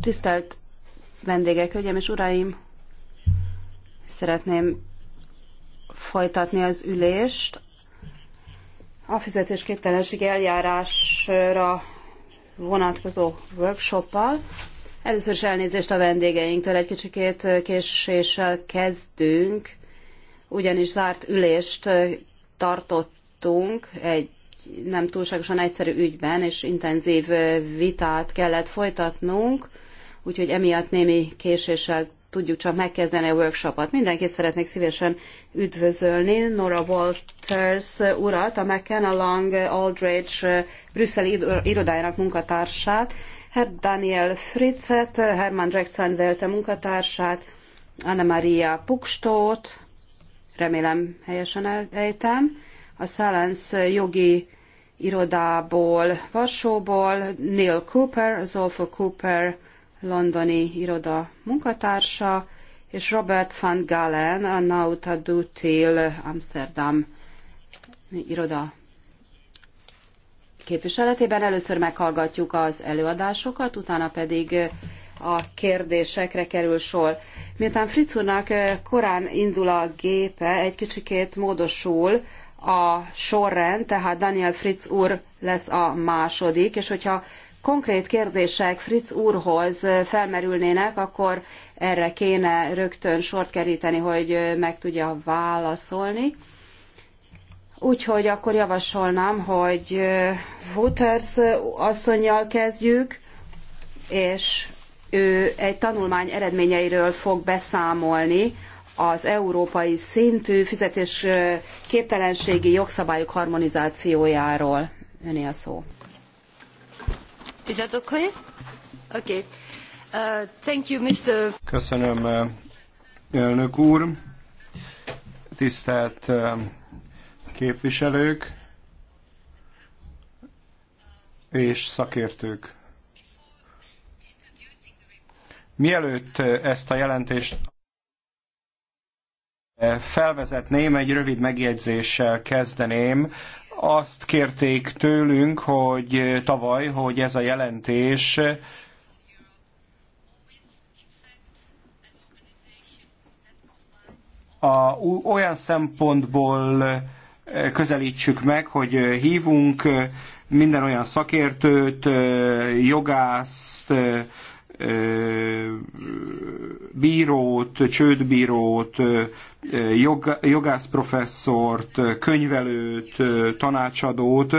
Tisztelt vendégek, hölgyeim és uraim! Szeretném folytatni az ülést. A fizetésképtelenség eljárásra vonatkozó workshoppal. Először is elnézést a vendégeinktől, egy kicsikét késéssel kezdünk, ugyanis zárt ülést tartottunk egy egy nem túlságosan egyszerű ügyben, és intenzív vitát kellett folytatnunk, úgyhogy emiatt némi késéssel tudjuk csak megkezdeni a workshopot. Mindenkit szeretnék szívesen üdvözölni, Nora Walters urat, a McKenna Lang Aldridge brüsszeli irodájának munkatársát, Herr Daniel Fritzet, Hermann velte munkatársát, Anna Maria Pukstót, remélem helyesen ejtem, a Silence jogi irodából, Varsóból, Neil Cooper, Zolfo Cooper londoni iroda munkatársa, és Robert van Galen, a Nauta Dutil Amsterdam iroda képviseletében. Először meghallgatjuk az előadásokat, utána pedig a kérdésekre kerül sor. Miután Fritz úrnak korán indul a gépe, egy kicsikét módosul, a sorrend, tehát Daniel Fritz úr lesz a második, és hogyha konkrét kérdések Fritz úrhoz felmerülnének, akkor erre kéne rögtön sort keríteni, hogy meg tudja válaszolni. Úgyhogy akkor javasolnám, hogy Wouters asszonynal kezdjük, és ő egy tanulmány eredményeiről fog beszámolni, az európai szintű fizetés képtelenségi jogszabályok harmonizációjáról. Öné a szó. Is that okay? Okay. Uh, thank you, Mr. Köszönöm, elnök úr. Tisztelt képviselők és szakértők. Mielőtt ezt a jelentést felvezetném, egy rövid megjegyzéssel kezdeném. Azt kérték tőlünk, hogy tavaly, hogy ez a jelentés a, olyan szempontból eh, közelítsük meg, hogy eh, hívunk eh, minden olyan szakértőt, jogászt, bírót, csődbírót, jog, jogászprofesszort, könyvelőt, tanácsadót,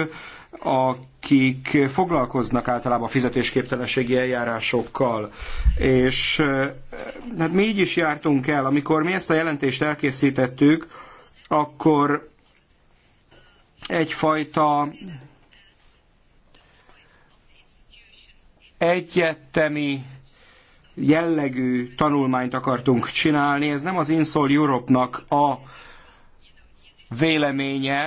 akik foglalkoznak általában fizetésképtelenségi eljárásokkal. És hát mi így is jártunk el, amikor mi ezt a jelentést elkészítettük, akkor egyfajta egyetemi jellegű tanulmányt akartunk csinálni. Ez nem az Insol Europe-nak a véleménye,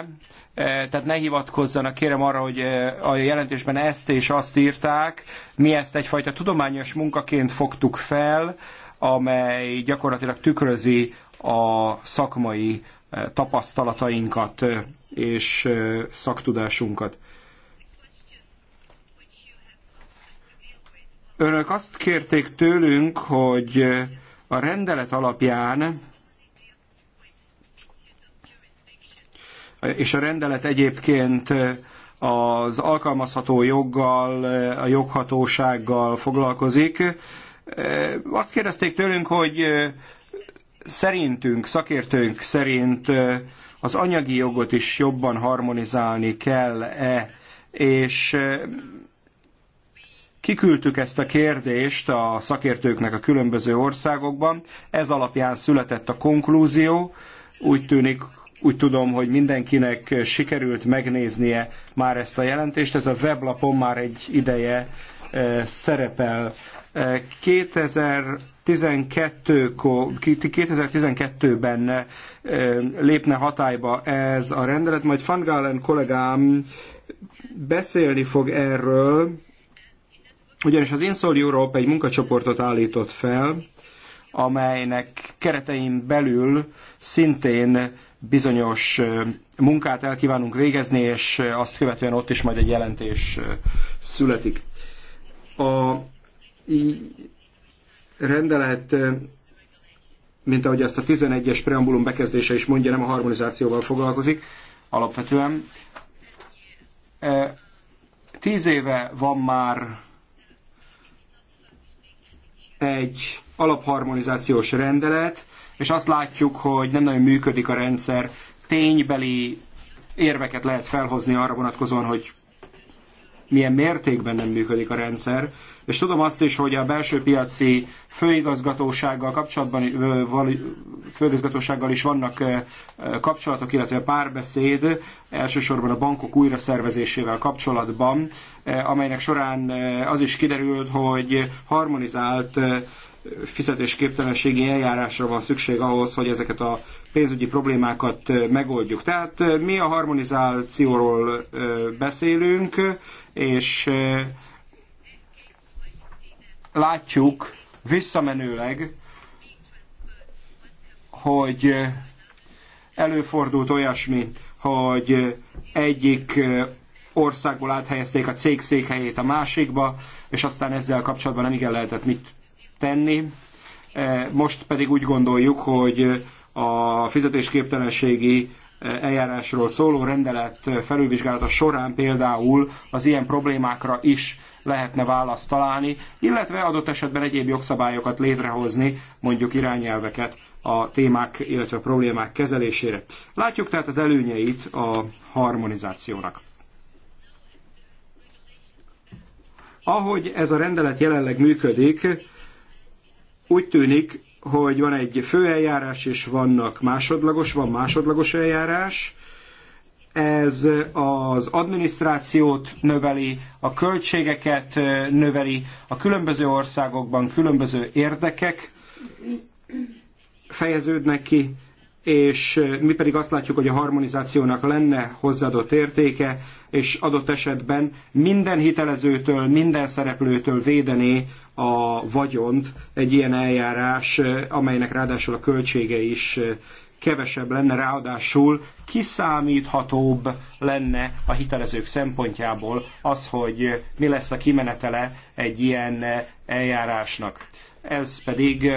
e, tehát ne hivatkozzanak, kérem arra, hogy e, a jelentésben ezt és azt írták. Mi ezt egyfajta tudományos munkaként fogtuk fel, amely gyakorlatilag tükrözi a szakmai e, tapasztalatainkat és szaktudásunkat. Önök azt kérték tőlünk, hogy a rendelet alapján és a rendelet egyébként az alkalmazható joggal, a joghatósággal foglalkozik. Azt kérdezték tőlünk, hogy szerintünk, szakértőnk szerint az anyagi jogot is jobban harmonizálni kell-e, és Kiküldtük ezt a kérdést a szakértőknek a különböző országokban, ez alapján született a konklúzió, úgy tűnik, úgy tudom, hogy mindenkinek sikerült megnéznie már ezt a jelentést, ez a weblapon már egy ideje eh, szerepel. 2012, 2012-ben eh, lépne hatályba ez a rendelet, majd Van Galen kollégám beszélni fog erről, ugyanis az Insol Europe egy munkacsoportot állított fel, amelynek keretein belül szintén bizonyos munkát el kívánunk végezni, és azt követően ott is majd egy jelentés születik. A rendelet, mint ahogy ezt a 11-es preambulum bekezdése is mondja, nem a harmonizációval foglalkozik alapvetően. Tíz éve van már egy alapharmonizációs rendelet, és azt látjuk, hogy nem nagyon működik a rendszer, ténybeli érveket lehet felhozni arra vonatkozóan, hogy milyen mértékben nem működik a rendszer. És tudom azt is, hogy a belső piaci főigazgatósággal kapcsolatban, főigazgatósággal is vannak kapcsolatok, illetve párbeszéd, elsősorban a bankok újraszervezésével kapcsolatban, amelynek során az is kiderült, hogy harmonizált fizetésképtelenségi eljárásra van szükség ahhoz, hogy ezeket a pénzügyi problémákat megoldjuk. Tehát mi a harmonizációról beszélünk, és látjuk visszamenőleg, hogy előfordult olyasmi, hogy egyik országból áthelyezték a cég székhelyét a másikba, és aztán ezzel kapcsolatban nem igen lehetett mit tenni. Most pedig úgy gondoljuk, hogy a fizetésképtelenségi e, eljárásról szóló rendelet felülvizsgálata során például az ilyen problémákra is lehetne választ találni, illetve adott esetben egyéb jogszabályokat létrehozni, mondjuk irányelveket a témák, illetve a problémák kezelésére. Látjuk tehát az előnyeit a harmonizációnak. Ahogy ez a rendelet jelenleg működik, úgy tűnik, hogy van egy főeljárás, és vannak másodlagos, van másodlagos eljárás. Ez az adminisztrációt növeli, a költségeket növeli, a különböző országokban különböző érdekek fejeződnek ki, és mi pedig azt látjuk, hogy a harmonizációnak lenne hozzáadott értéke, és adott esetben minden hitelezőtől, minden szereplőtől védené a vagyont egy ilyen eljárás, amelynek ráadásul a költsége is kevesebb lenne, ráadásul kiszámíthatóbb lenne a hitelezők szempontjából az, hogy mi lesz a kimenetele egy ilyen eljárásnak. Ez pedig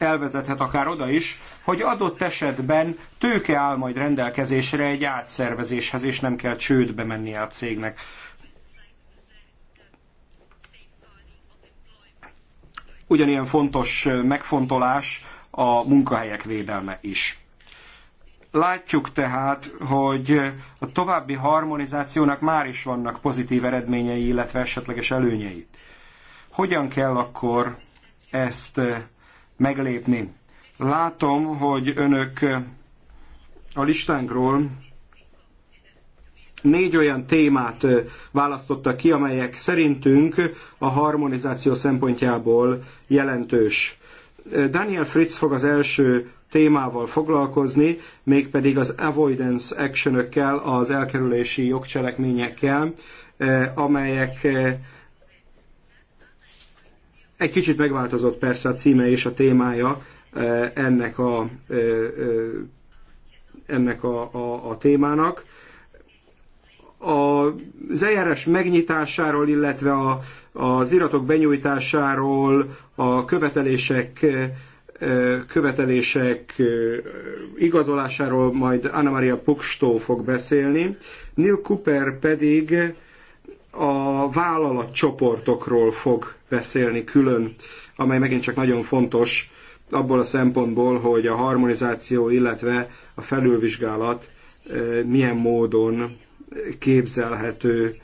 elvezethet akár oda is, hogy adott esetben tőke áll majd rendelkezésre egy átszervezéshez, és nem kell csődbe mennie a cégnek. Ugyanilyen fontos megfontolás a munkahelyek védelme is. Látjuk tehát, hogy a további harmonizációnak már is vannak pozitív eredményei, illetve esetleges előnyei. Hogyan kell akkor ezt meglépni. Látom, hogy önök a listánkról négy olyan témát választottak ki, amelyek szerintünk a harmonizáció szempontjából jelentős. Daniel Fritz fog az első témával foglalkozni, mégpedig az avoidance actionökkel, az elkerülési jogcselekményekkel, amelyek egy kicsit megváltozott persze a címe és a témája eh, ennek a, eh, eh, ennek a, a, a témának. Az eljárás megnyitásáról, illetve a, az iratok benyújtásáról, a követelések követelések igazolásáról majd Anna Maria Pukstó fog beszélni. Neil Cooper pedig a vállalatcsoportokról fog beszélni külön, amely megint csak nagyon fontos abból a szempontból, hogy a harmonizáció, illetve a felülvizsgálat eh, milyen módon képzelhető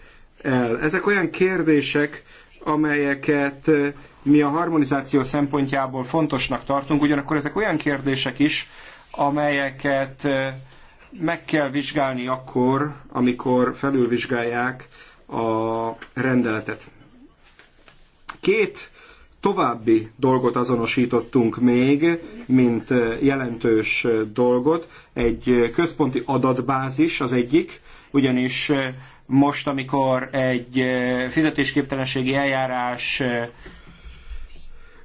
el. Ezek olyan kérdések, amelyeket eh, mi a harmonizáció szempontjából fontosnak tartunk, ugyanakkor ezek olyan kérdések is, amelyeket eh, meg kell vizsgálni akkor, amikor felülvizsgálják a rendeletet. Két további dolgot azonosítottunk még, mint jelentős dolgot. Egy központi adatbázis az egyik, ugyanis most, amikor egy fizetésképtelenségi eljárás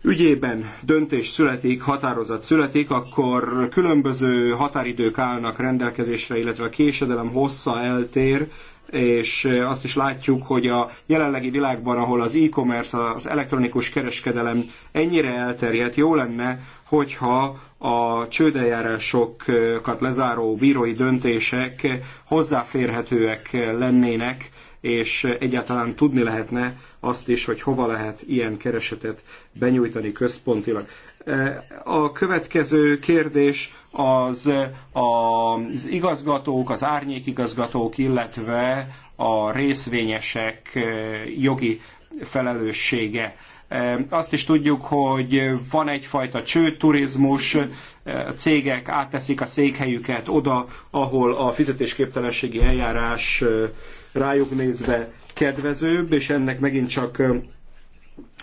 ügyében döntés születik, határozat születik, akkor különböző határidők állnak rendelkezésre, illetve a késedelem hossza eltér, és azt is látjuk, hogy a jelenlegi világban, ahol az e-commerce, az elektronikus kereskedelem ennyire elterjedt, jó lenne, hogyha a csődeljárásokat lezáró bírói döntések hozzáférhetőek lennének, és egyáltalán tudni lehetne azt is, hogy hova lehet ilyen keresetet benyújtani központilag. A következő kérdés az az igazgatók, az árnyékigazgatók, illetve a részvényesek jogi felelőssége. Azt is tudjuk, hogy van egyfajta csőturizmus, cégek átteszik a székhelyüket oda, ahol a fizetésképtelenségi eljárás rájuk nézve kedvezőbb, és ennek megint csak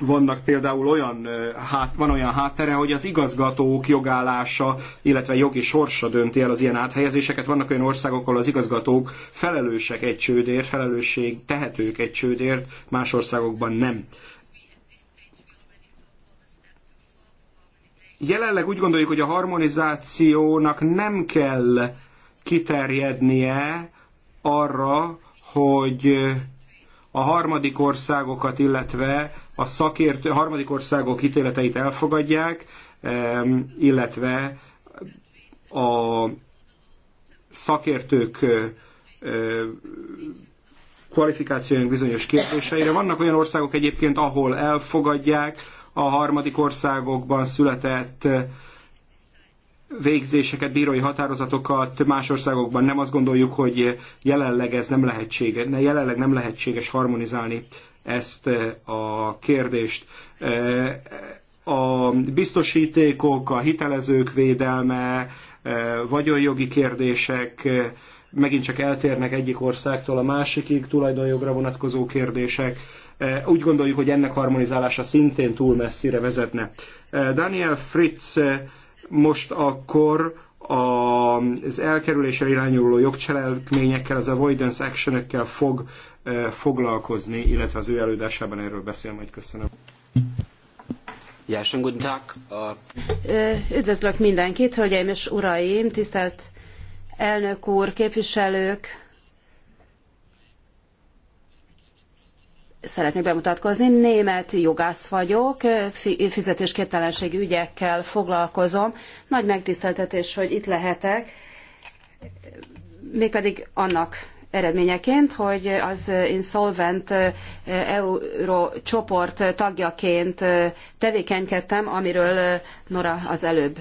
vannak például olyan, hát, van olyan háttere, hogy az igazgatók jogállása, illetve jogi sorsa dönti el az ilyen áthelyezéseket. Vannak olyan országok, ahol az igazgatók felelősek egy csődért, felelősség tehetők egy csődért, más országokban nem. Jelenleg úgy gondoljuk, hogy a harmonizációnak nem kell kiterjednie arra, hogy a harmadik országokat, illetve a szakértő, harmadik országok ítéleteit elfogadják, illetve a szakértők kvalifikációink bizonyos kérdéseire. Vannak olyan országok egyébként, ahol elfogadják, a harmadik országokban született végzéseket, bírói határozatokat más országokban. Nem azt gondoljuk, hogy jelenleg ez nem lehetséges, jelenleg nem lehetséges harmonizálni ezt a kérdést. A biztosítékok, a hitelezők védelme, vagyonjogi kérdések, megint csak eltérnek egyik országtól a másikig, tulajdonjogra vonatkozó kérdések, Eh, úgy gondoljuk, hogy ennek harmonizálása szintén túl messzire vezetne. Eh, Daniel Fritz eh, most akkor az elkerülésre irányuló jogcselekményekkel, az avoidance action fog foglalkozni, illetve az ő előadásában erről beszél majd. Köszönöm. Ja, schönen guten Tag. Üdvözlök mindenkit, hölgyeim és uraim, tisztelt elnök úr, képviselők, Szeretnék bemutatkozni, német jogász vagyok, fizetésképtelenségi ügyekkel foglalkozom. Nagy megtiszteltetés, hogy itt lehetek, mégpedig annak eredményeként, hogy az Insolvent eh, Euro csoport tagjaként eh, tevékenykedtem, amiről eh, Nora az előbb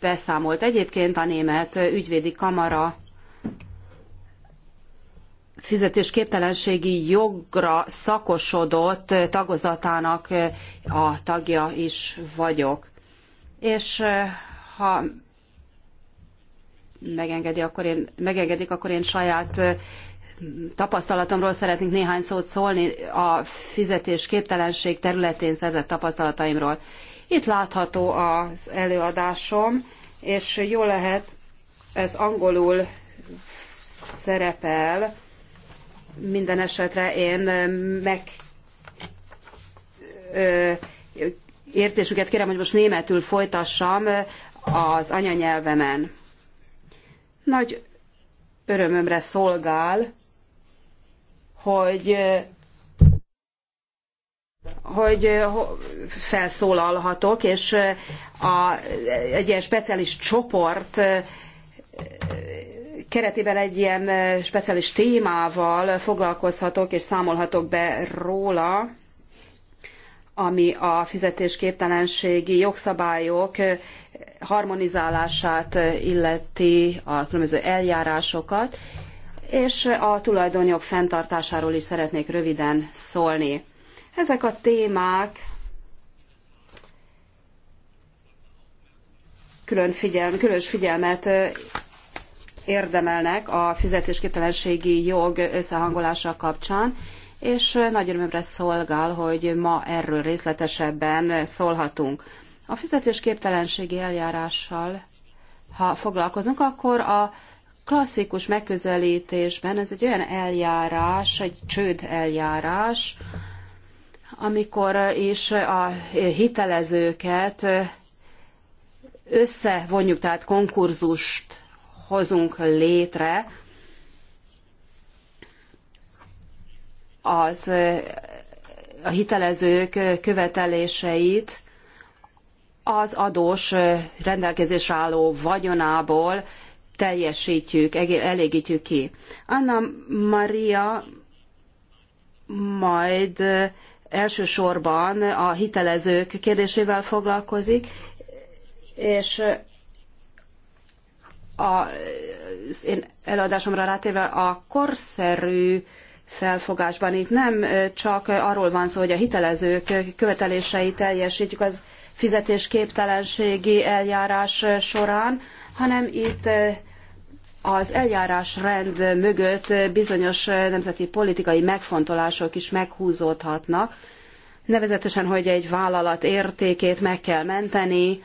beszámolt. Egyébként a német ügyvédi kamara fizetésképtelenségi jogra szakosodott tagozatának a tagja is vagyok. És ha megengedi, akkor én, megengedik, akkor én saját tapasztalatomról szeretnék néhány szót szólni a fizetésképtelenség területén szerzett tapasztalataimról. Itt látható az előadásom, és jó lehet, ez angolul szerepel, minden esetre én meg értésüket kérem, hogy most németül folytassam az anyanyelvemen. Nagy örömömre szolgál, hogy hogy felszólalhatok, és a, egy ilyen speciális csoport keretében egy ilyen speciális témával foglalkozhatok és számolhatok be róla, ami a fizetésképtelenségi jogszabályok harmonizálását illeti a különböző eljárásokat, és a tulajdonjog fenntartásáról is szeretnék röviden szólni. Ezek a témák külön figyel, különös figyelmet érdemelnek a fizetésképtelenségi jog összehangolása kapcsán, és nagy örömömre szolgál, hogy ma erről részletesebben szólhatunk. A fizetésképtelenségi eljárással, ha foglalkozunk, akkor a klasszikus megközelítésben ez egy olyan eljárás, egy csőd eljárás, amikor is a hitelezőket összevonjuk, tehát konkurzust hozunk létre, az a hitelezők követeléseit az adós rendelkezésre álló vagyonából teljesítjük, elégítjük ki. Anna Maria majd elsősorban a hitelezők kérdésével foglalkozik, és az én előadásomra rátérve a korszerű felfogásban itt nem csak arról van szó, hogy a hitelezők követeléseit teljesítjük az fizetésképtelenségi eljárás során, hanem itt az eljárásrend mögött bizonyos nemzeti politikai megfontolások is meghúzódhatnak, nevezetesen, hogy egy vállalat értékét meg kell menteni,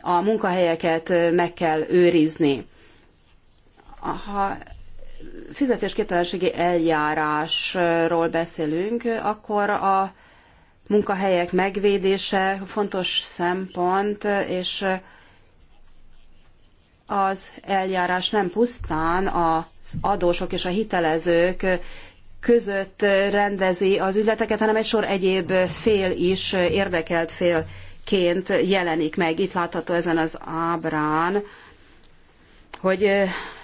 a munkahelyeket meg kell őrizni. Ha fizetésképtelenségi eljárásról beszélünk, akkor a munkahelyek megvédése fontos szempont, és az eljárás nem pusztán az adósok és a hitelezők között rendezi az ügyleteket, hanem egy sor egyéb fél is, érdekelt fél ként jelenik meg. Itt látható ezen az ábrán, hogy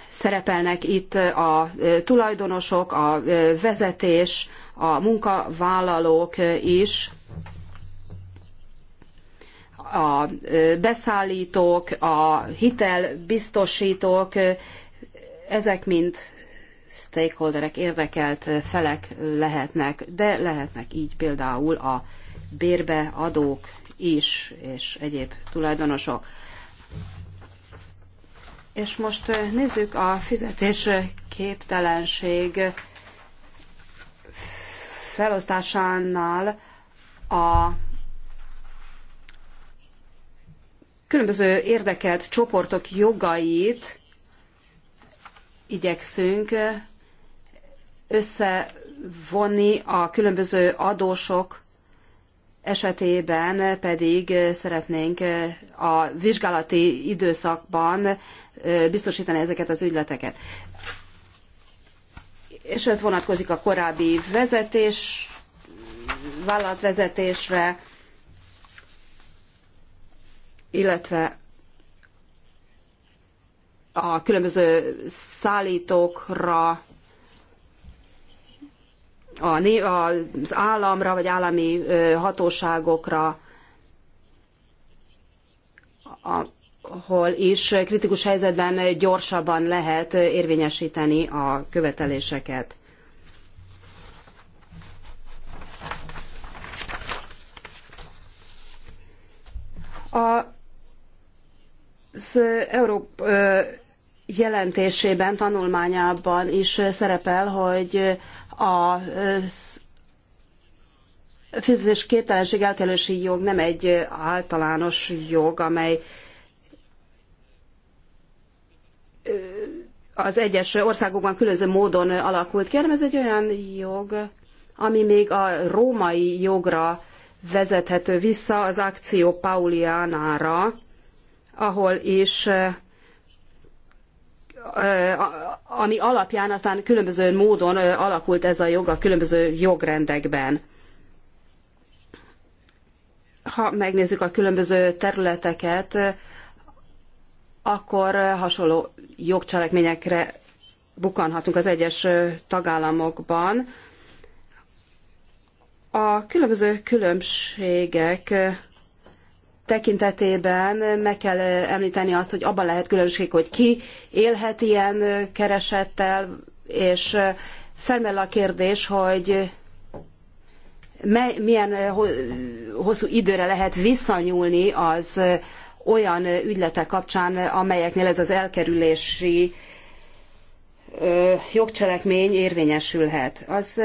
szerepelnek itt a tulajdonosok, a vezetés, a munkavállalók is, a beszállítók, a hitelbiztosítók, ezek mind stakeholderek, érdekelt felek lehetnek, de lehetnek így például a bérbeadók is, és egyéb tulajdonosok. És most nézzük a fizetés képtelenség felosztásánál a különböző érdekelt csoportok jogait igyekszünk összevonni a különböző adósok esetében pedig szeretnénk a vizsgálati időszakban biztosítani ezeket az ügyleteket. És ez vonatkozik a korábbi vezetés, vállalatvezetésre, illetve a különböző szállítókra, az államra vagy állami hatóságokra, ahol is kritikus helyzetben gyorsabban lehet érvényesíteni a követeléseket. Az Európ jelentésében, tanulmányában is szerepel, hogy a fizetés képtelenség elkerülési jog nem egy általános jog, amely az egyes országokban különböző módon alakult ki, hanem ez egy olyan jog, ami még a római jogra vezethető vissza, az akció Paulianára, ahol is ami alapján aztán különböző módon alakult ez a jog a különböző jogrendekben. Ha megnézzük a különböző területeket, akkor hasonló jogcselekményekre bukanhatunk az egyes tagállamokban. A különböző különbségek tekintetében meg kell említeni azt, hogy abban lehet különbség, hogy ki élhet ilyen keresettel, és felmerül a kérdés, hogy milyen hosszú időre lehet visszanyúlni az olyan ügyletek kapcsán, amelyeknél ez az elkerülési jogcselekmény érvényesülhet. Az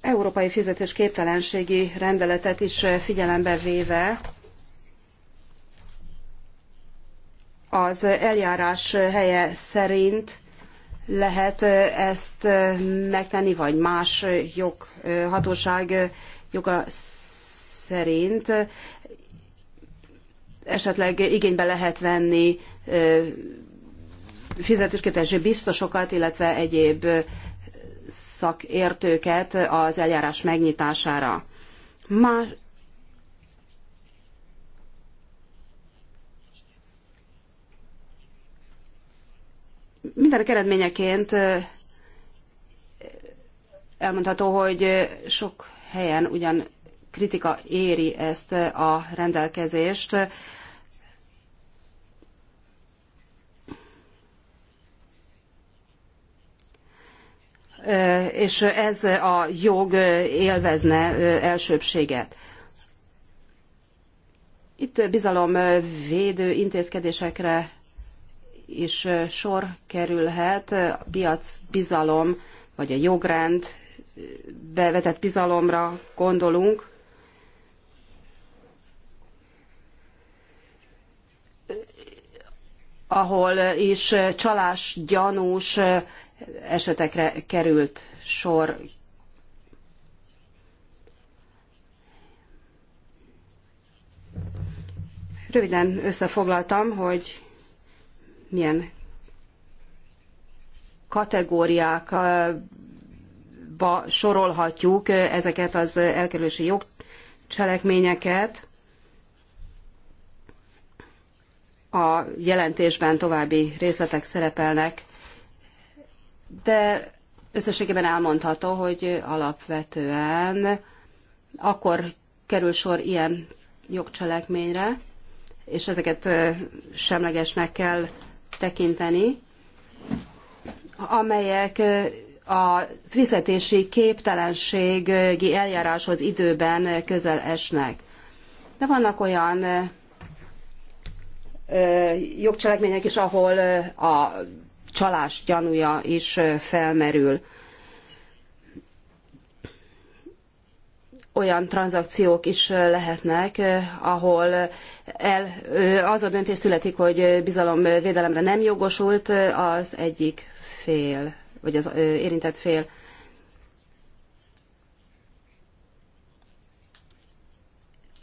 európai fizetésképtelenségi rendeletet is figyelembe véve az eljárás helye szerint lehet ezt megtenni, vagy más joghatóság joga szerint esetleg igénybe lehet venni fizetésképes biztosokat, illetve egyéb szakértőket az eljárás megnyitására. Mindenek eredményeként elmondható, hogy sok helyen ugyan kritika éri ezt a rendelkezést. És ez a jog élvezne elsőbséget. Itt bizalomvédő intézkedésekre is sor kerülhet a piac bizalom, vagy a jogrend bevetett bizalomra gondolunk. ahol is csalás gyanús esetekre került sor. Röviden összefoglaltam, hogy milyen kategóriákba sorolhatjuk ezeket az elkerülési jogcselekményeket. A jelentésben további részletek szerepelnek, de összességében elmondható, hogy alapvetően akkor kerül sor ilyen jogcselekményre, és ezeket semlegesnek kell tekinteni, amelyek a fizetési képtelenségi eljáráshoz időben közel esnek. De vannak olyan jogcselekmények is, ahol a csalás gyanúja is felmerül. olyan tranzakciók is lehetnek, ahol el, az a döntés születik, hogy bizalomvédelemre nem jogosult az egyik fél, vagy az érintett fél.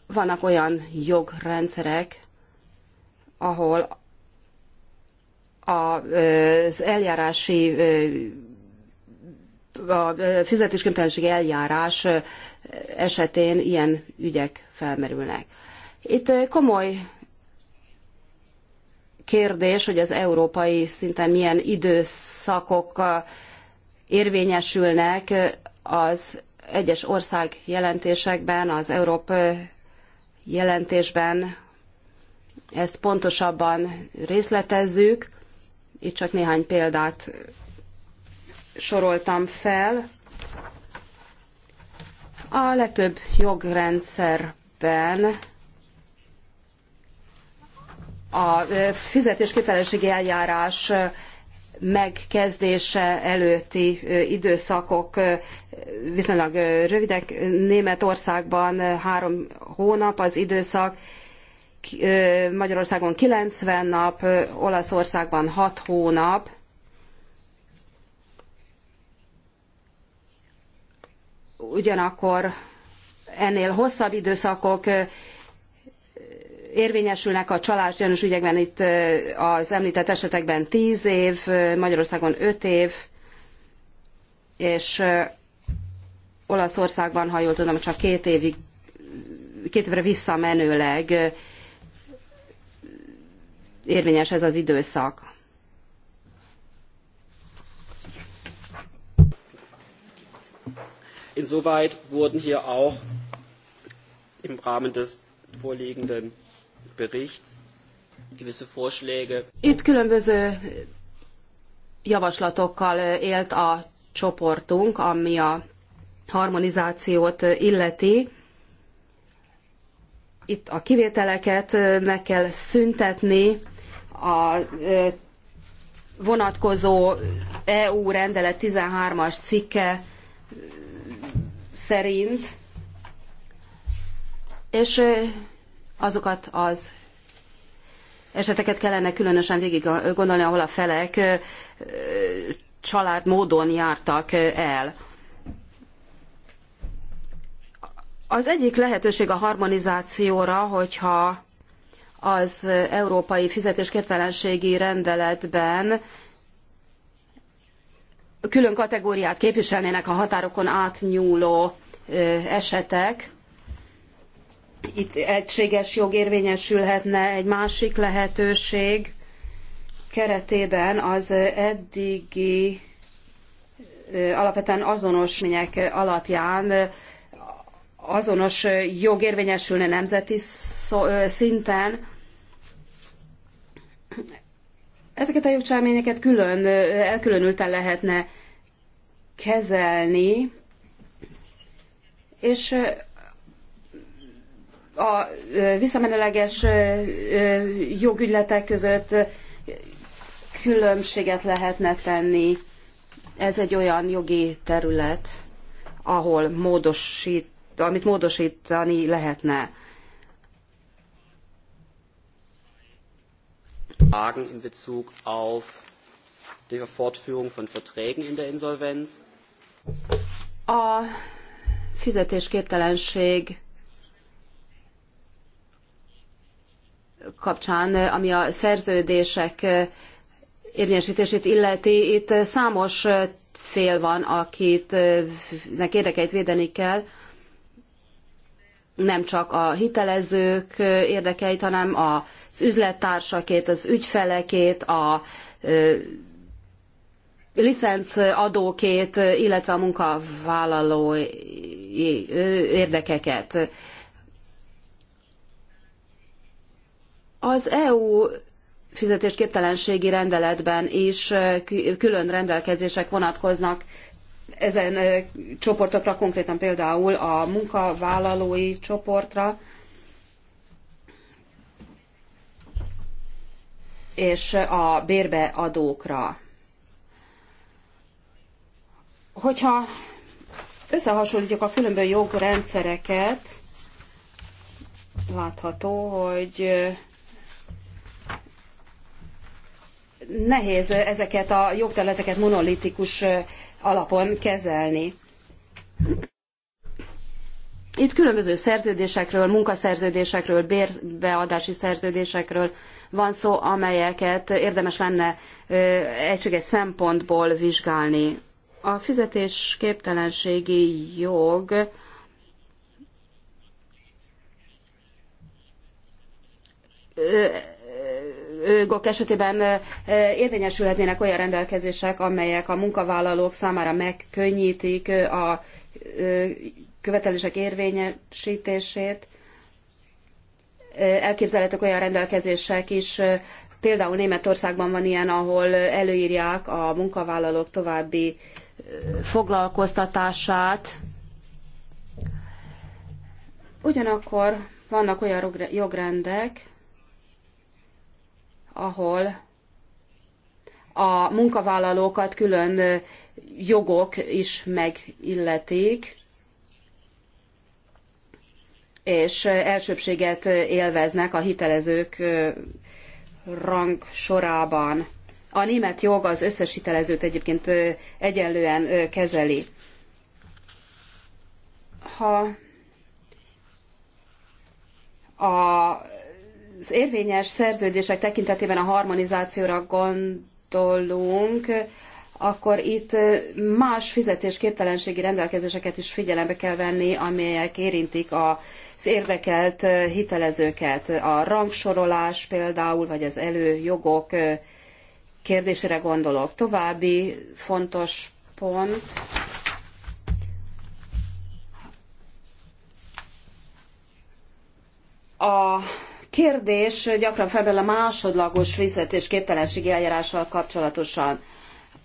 Vannak olyan jogrendszerek, ahol az eljárási a fizetésképtelenség eljárás esetén ilyen ügyek felmerülnek. Itt eh, komoly kérdés, hogy az európai szinten milyen időszakok eh, érvényesülnek eh, az egyes ország jelentésekben, az Európa jelentésben ezt pontosabban részletezzük. Itt csak néhány példát soroltam fel. A legtöbb jogrendszerben a fizetésképtelenségi eljárás megkezdése előtti időszakok viszonylag rövidek. Németországban három hónap az időszak, Magyarországon 90 nap, Olaszországban 6 hónap. ugyanakkor ennél hosszabb időszakok érvényesülnek a csalásgyanús ügyekben, itt az említett esetekben 10 év, Magyarországon 5 év, és Olaszországban, ha jól tudom, csak két évig, két évre visszamenőleg érvényes ez az időszak. Insoweit wurden hier auch im Rahmen des vorliegenden Berichts gewisse Vorschläge. Itt különböző javaslatokkal eh, élt a csoportunk, ami a harmonizációt eh, illeti. Itt a kivételeket eh, meg kell szüntetni, a vonatkozó EU rendelet 13-as cikke szerint, és azokat az eseteket kellene különösen végig gondolni, ahol a felek család módon jártak el. Az egyik lehetőség a harmonizációra, hogyha az európai fizetésképtelenségi rendeletben külön kategóriát képviselnének a határokon átnyúló esetek. Itt egységes jog érvényesülhetne egy másik lehetőség keretében az eddigi alapvetően azonos mények alapján azonos jog érvényesülne nemzeti szinten, Ezeket a jogcselményeket külön, elkülönülten lehetne kezelni, és a visszamenőleges jogügyletek között különbséget lehetne tenni. Ez egy olyan jogi terület, ahol módosít, amit módosítani lehetne. Fragen in Bezug auf die Fortführung von Verträgen in der Insolvenz. A fizetésképtelenség kapcsán, ami a szerződések érvényesítését illeti, itt számos fél van, akitnek érdekeit védeni kell nem csak a hitelezők érdekeit, hanem az üzlettársakét, az ügyfelekét, a licencadókét, illetve a munkavállalói érdekeket. Az EU fizetésképtelenségi rendeletben is külön rendelkezések vonatkoznak ezen csoportokra, konkrétan például a munkavállalói csoportra, és a bérbeadókra. Hogyha összehasonlítjuk a különböző jogrendszereket, látható, hogy nehéz ezeket a jogterületeket monolitikus alapon kezelni. Itt különböző szerződésekről, munkaszerződésekről, bérbeadási szerződésekről van szó, amelyeket érdemes lenne egységes szempontból vizsgálni. A fizetésképtelenségi jog ö, jogok esetében érvényesülhetnének olyan rendelkezések, amelyek a munkavállalók számára megkönnyítik a követelések érvényesítését. Elképzelhetők olyan rendelkezések is, például Németországban van ilyen, ahol előírják a munkavállalók további foglalkoztatását. Ugyanakkor vannak olyan jogrendek, ahol a munkavállalókat külön jogok is megilletik, és elsőbséget élveznek a hitelezők rang sorában. A német jog az összes hitelezőt egyébként egyenlően kezeli. Ha a az érvényes szerződések tekintetében a harmonizációra gondolunk, akkor itt más fizetésképtelenségi rendelkezéseket is figyelembe kell venni, amelyek érintik az érdekelt hitelezőket. A rangsorolás például, vagy az előjogok kérdésére gondolok. További fontos pont. A kérdés gyakran felmerül a másodlagos fizetésképtelenségi eljárással kapcsolatosan.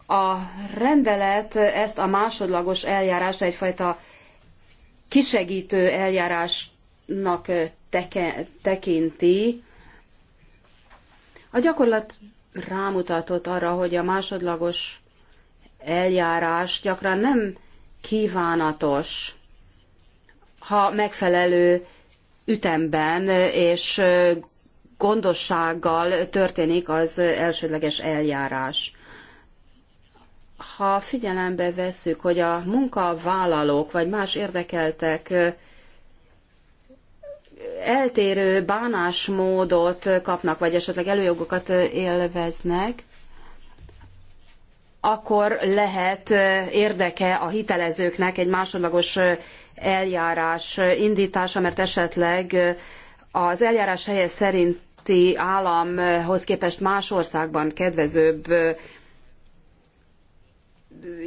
A rendelet ezt a másodlagos eljárást egyfajta kisegítő eljárásnak teke, tekinti. A gyakorlat rámutatott arra, hogy a másodlagos eljárás gyakran nem kívánatos, ha megfelelő ütemben és gondossággal történik az elsődleges eljárás. Ha figyelembe vesszük, hogy a munkavállalók vagy más érdekeltek eltérő bánásmódot kapnak, vagy esetleg előjogokat élveznek, akkor lehet érdeke a hitelezőknek egy másodlagos eljárás indítása, mert esetleg az eljárás helye szerinti államhoz képest más országban kedvezőbb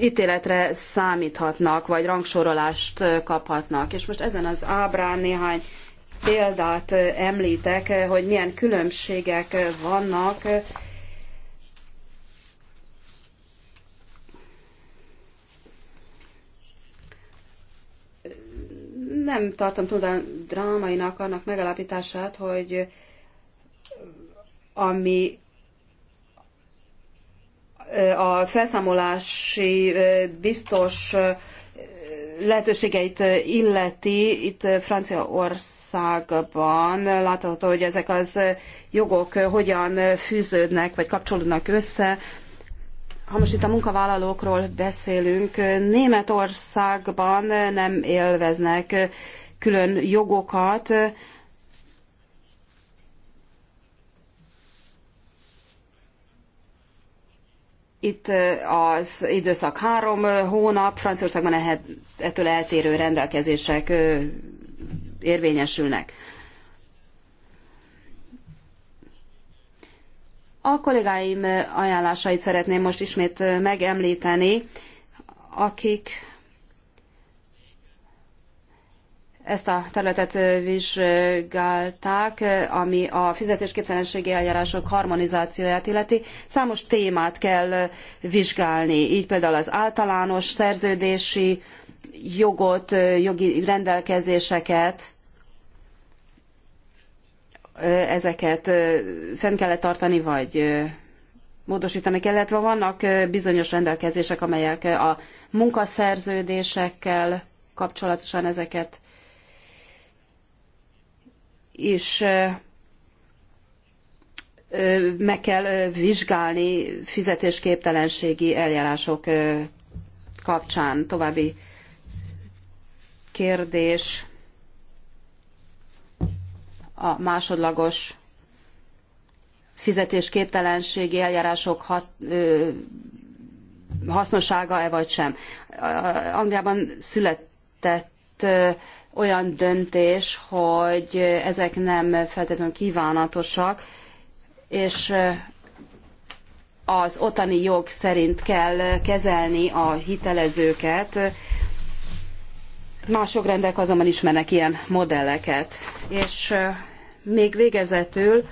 ítéletre számíthatnak, vagy rangsorolást kaphatnak. És most ezen az ábrán néhány példát említek, hogy milyen különbségek vannak nem tartom túl drámainak annak megalapítását, hogy ami a felszámolási biztos lehetőségeit illeti, itt Franciaországban látható, hogy ezek az jogok hogyan fűződnek, vagy kapcsolódnak össze ha most itt a munkavállalókról beszélünk, Németországban nem élveznek külön jogokat, Itt az időszak három hónap, Franciaországban ettől eltérő rendelkezések érvényesülnek. A kollégáim ajánlásait szeretném most ismét megemlíteni, akik ezt a területet vizsgálták, ami a fizetésképtelenségi eljárások harmonizációját illeti. Számos témát kell vizsgálni, így például az általános szerződési jogot, jogi rendelkezéseket, ezeket fenn kellett tartani, vagy módosítani kell, illetve vannak bizonyos rendelkezések, amelyek a munkaszerződésekkel kapcsolatosan ezeket is meg kell vizsgálni fizetésképtelenségi eljárások kapcsán. További kérdés a másodlagos fizetésképtelenségi eljárások hat, ö, hasznossága-e vagy sem. Angliában született ö, olyan döntés, hogy ezek nem feltétlenül kívánatosak, és az otani jog szerint kell kezelni a hitelezőket. Mások rendek azonban ismernek ilyen modelleket, és még végezetül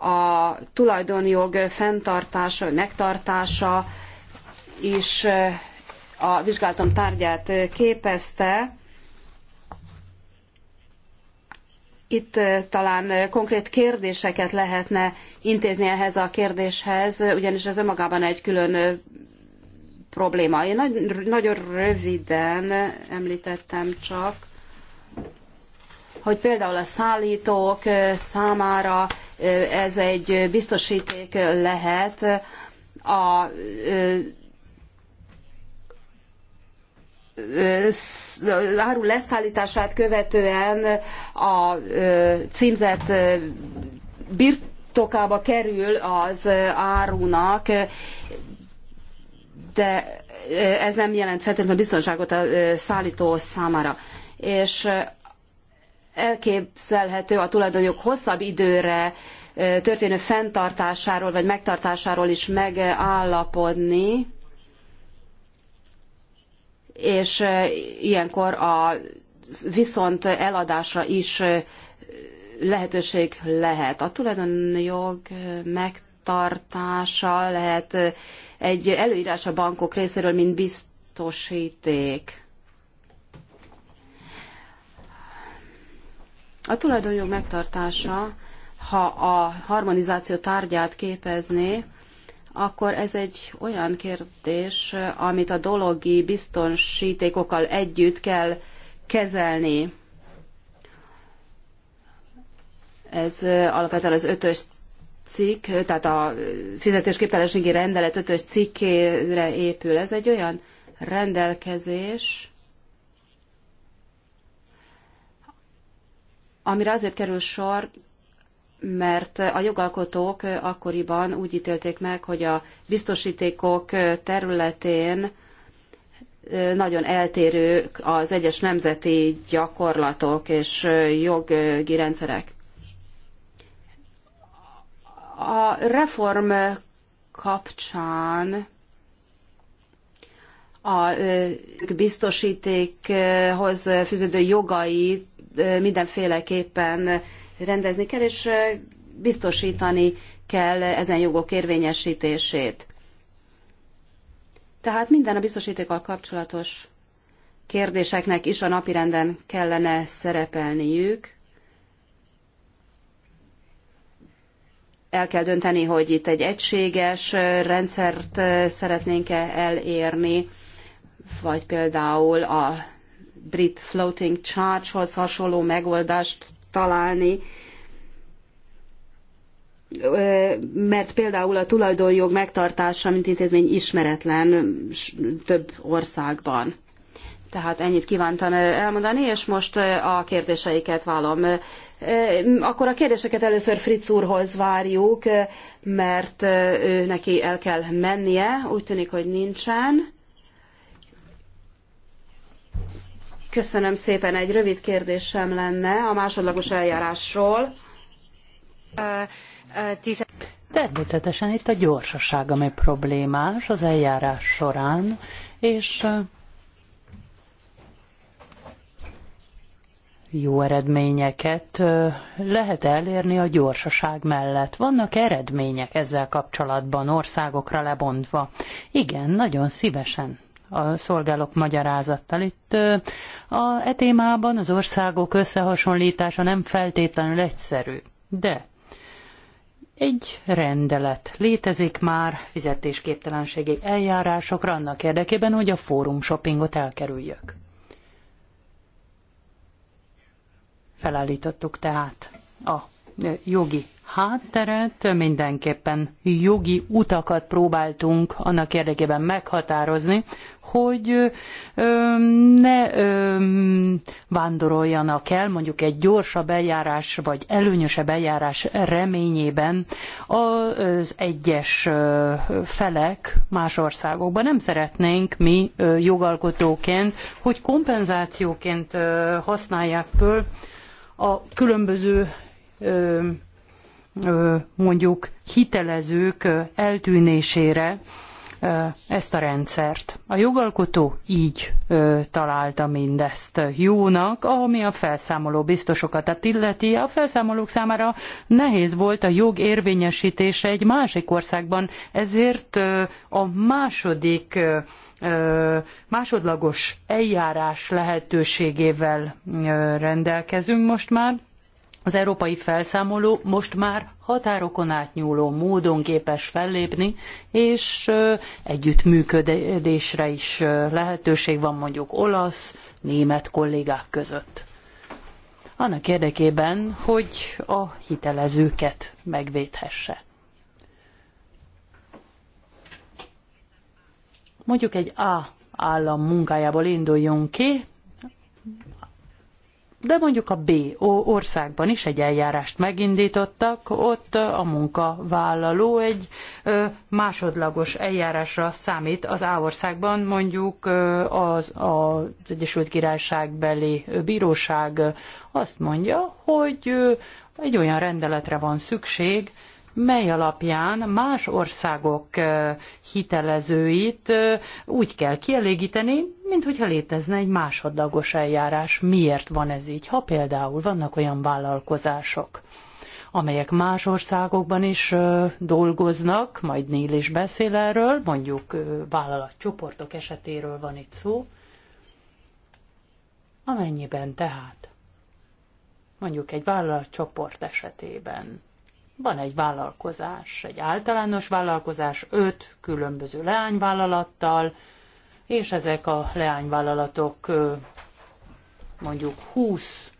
a tulajdonjog fenntartása, megtartása is a vizsgálatom tárgyát képezte. Itt talán konkrét kérdéseket lehetne intézni ehhez a kérdéshez, ugyanis ez önmagában egy külön probléma. Én nagyon röviden említettem csak hogy például a szállítók számára ez egy biztosíték lehet a áru leszállítását követően a címzett birtokába kerül az árunak, de ez nem jelent feltétlenül biztonságot a szállító számára. És elképzelhető a tulajdonjog hosszabb időre történő fenntartásáról vagy megtartásáról is megállapodni, és ilyenkor a viszont eladása is lehetőség lehet. A tulajdonjog megtartása lehet egy előírás a bankok részéről, mint biztosíték. A tulajdonjog megtartása, ha a harmonizáció tárgyát képezné, akkor ez egy olyan kérdés, amit a dologi biztonsítékokkal együtt kell kezelni. Ez alapvetően az ötös cikk, tehát a fizetésképtelenségi rendelet ötös cikkére épül. Ez egy olyan rendelkezés, amire azért kerül sor, mert a jogalkotók akkoriban úgy ítélték meg, hogy a biztosítékok területén nagyon eltérők az egyes nemzeti gyakorlatok és jogi rendszerek. A reform kapcsán a biztosítékhoz fűződő jogait mindenféleképpen rendezni kell, és biztosítani kell ezen jogok érvényesítését. Tehát minden a biztosítékkal kapcsolatos kérdéseknek is a napirenden kellene szerepelniük. El kell dönteni, hogy itt egy egységes rendszert szeretnénk-e elérni, vagy például a brit floating charge-hoz hasonló megoldást találni, mert például a tulajdonjog megtartása, mint intézmény ismeretlen több országban. Tehát ennyit kívántam elmondani, és most a kérdéseiket válom. Akkor a kérdéseket először Fritz úrhoz várjuk, mert ő neki el kell mennie, úgy tűnik, hogy nincsen. Köszönöm szépen. Egy rövid kérdésem lenne a másodlagos eljárásról. Természetesen itt a gyorsaság, ami problémás az eljárás során, és jó eredményeket lehet elérni a gyorsaság mellett. Vannak eredmények ezzel kapcsolatban országokra lebontva. Igen, nagyon szívesen a szolgálok magyarázattal. Itt a e témában az országok összehasonlítása nem feltétlenül egyszerű, de egy rendelet létezik már fizetésképtelenségi eljárásokra annak érdekében, hogy a fórum shoppingot elkerüljük. Felállítottuk tehát a jogi hátteret, mindenképpen jogi utakat próbáltunk annak érdekében meghatározni, hogy ö, ne ö, vándoroljanak el mondjuk egy gyorsabb eljárás vagy előnyösebb eljárás reményében az egyes felek más országokban. Nem szeretnénk mi jogalkotóként, hogy kompenzációként használják föl a különböző mondjuk hitelezők eltűnésére ezt a rendszert. A jogalkotó így ö, találta mindezt jónak, ami a felszámoló biztosokat illeti. A felszámolók számára nehéz volt a jog érvényesítése egy másik országban, ezért ö, a második ö, másodlagos eljárás lehetőségével rendelkezünk most már, az európai felszámoló most már határokon átnyúló módon képes fellépni, és együttműködésre is lehetőség van mondjuk olasz, német kollégák között. Annak érdekében, hogy a hitelezőket megvédhesse. Mondjuk egy A állam munkájából induljunk ki, de mondjuk a B országban is egy eljárást megindítottak, ott a munkavállaló egy másodlagos eljárásra számít az A országban, mondjuk az, az Egyesült Királyság beli bíróság azt mondja, hogy egy olyan rendeletre van szükség, mely alapján más országok hitelezőit úgy kell kielégíteni, mint hogyha létezne egy másodlagos eljárás. Miért van ez így? Ha például vannak olyan vállalkozások, amelyek más országokban is dolgoznak, majd Nél is beszél erről, mondjuk vállalatcsoportok esetéről van itt szó, amennyiben tehát mondjuk egy vállalatcsoport esetében van egy vállalkozás, egy általános vállalkozás, öt különböző leányvállalattal, és ezek a leányvállalatok mondjuk 20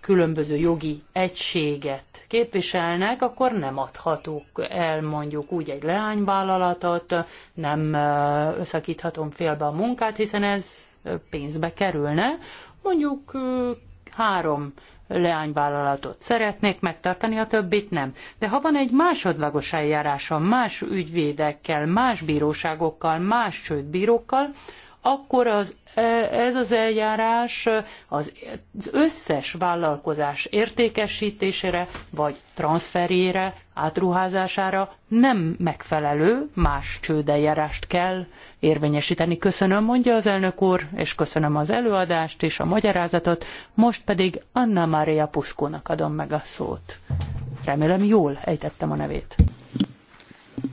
különböző jogi egységet képviselnek, akkor nem adhatók el mondjuk úgy egy leányvállalatot, nem összakíthatom félbe a munkát, hiszen ez pénzbe kerülne. Mondjuk három leányvállalatot szeretnék megtartani, a többit nem. De ha van egy másodlagos eljárásom, más ügyvédekkel, más bíróságokkal, más csődbírókkal, akkor az, e, ez az eljárás az összes vállalkozás értékesítésére vagy transferére, átruházására nem megfelelő, más csődeljárást kell érvényesíteni. Köszönöm, mondja az elnök úr, és köszönöm az előadást és a magyarázatot, most pedig Anna Maria Puszkónak adom meg a szót. Remélem jól ejtettem a nevét.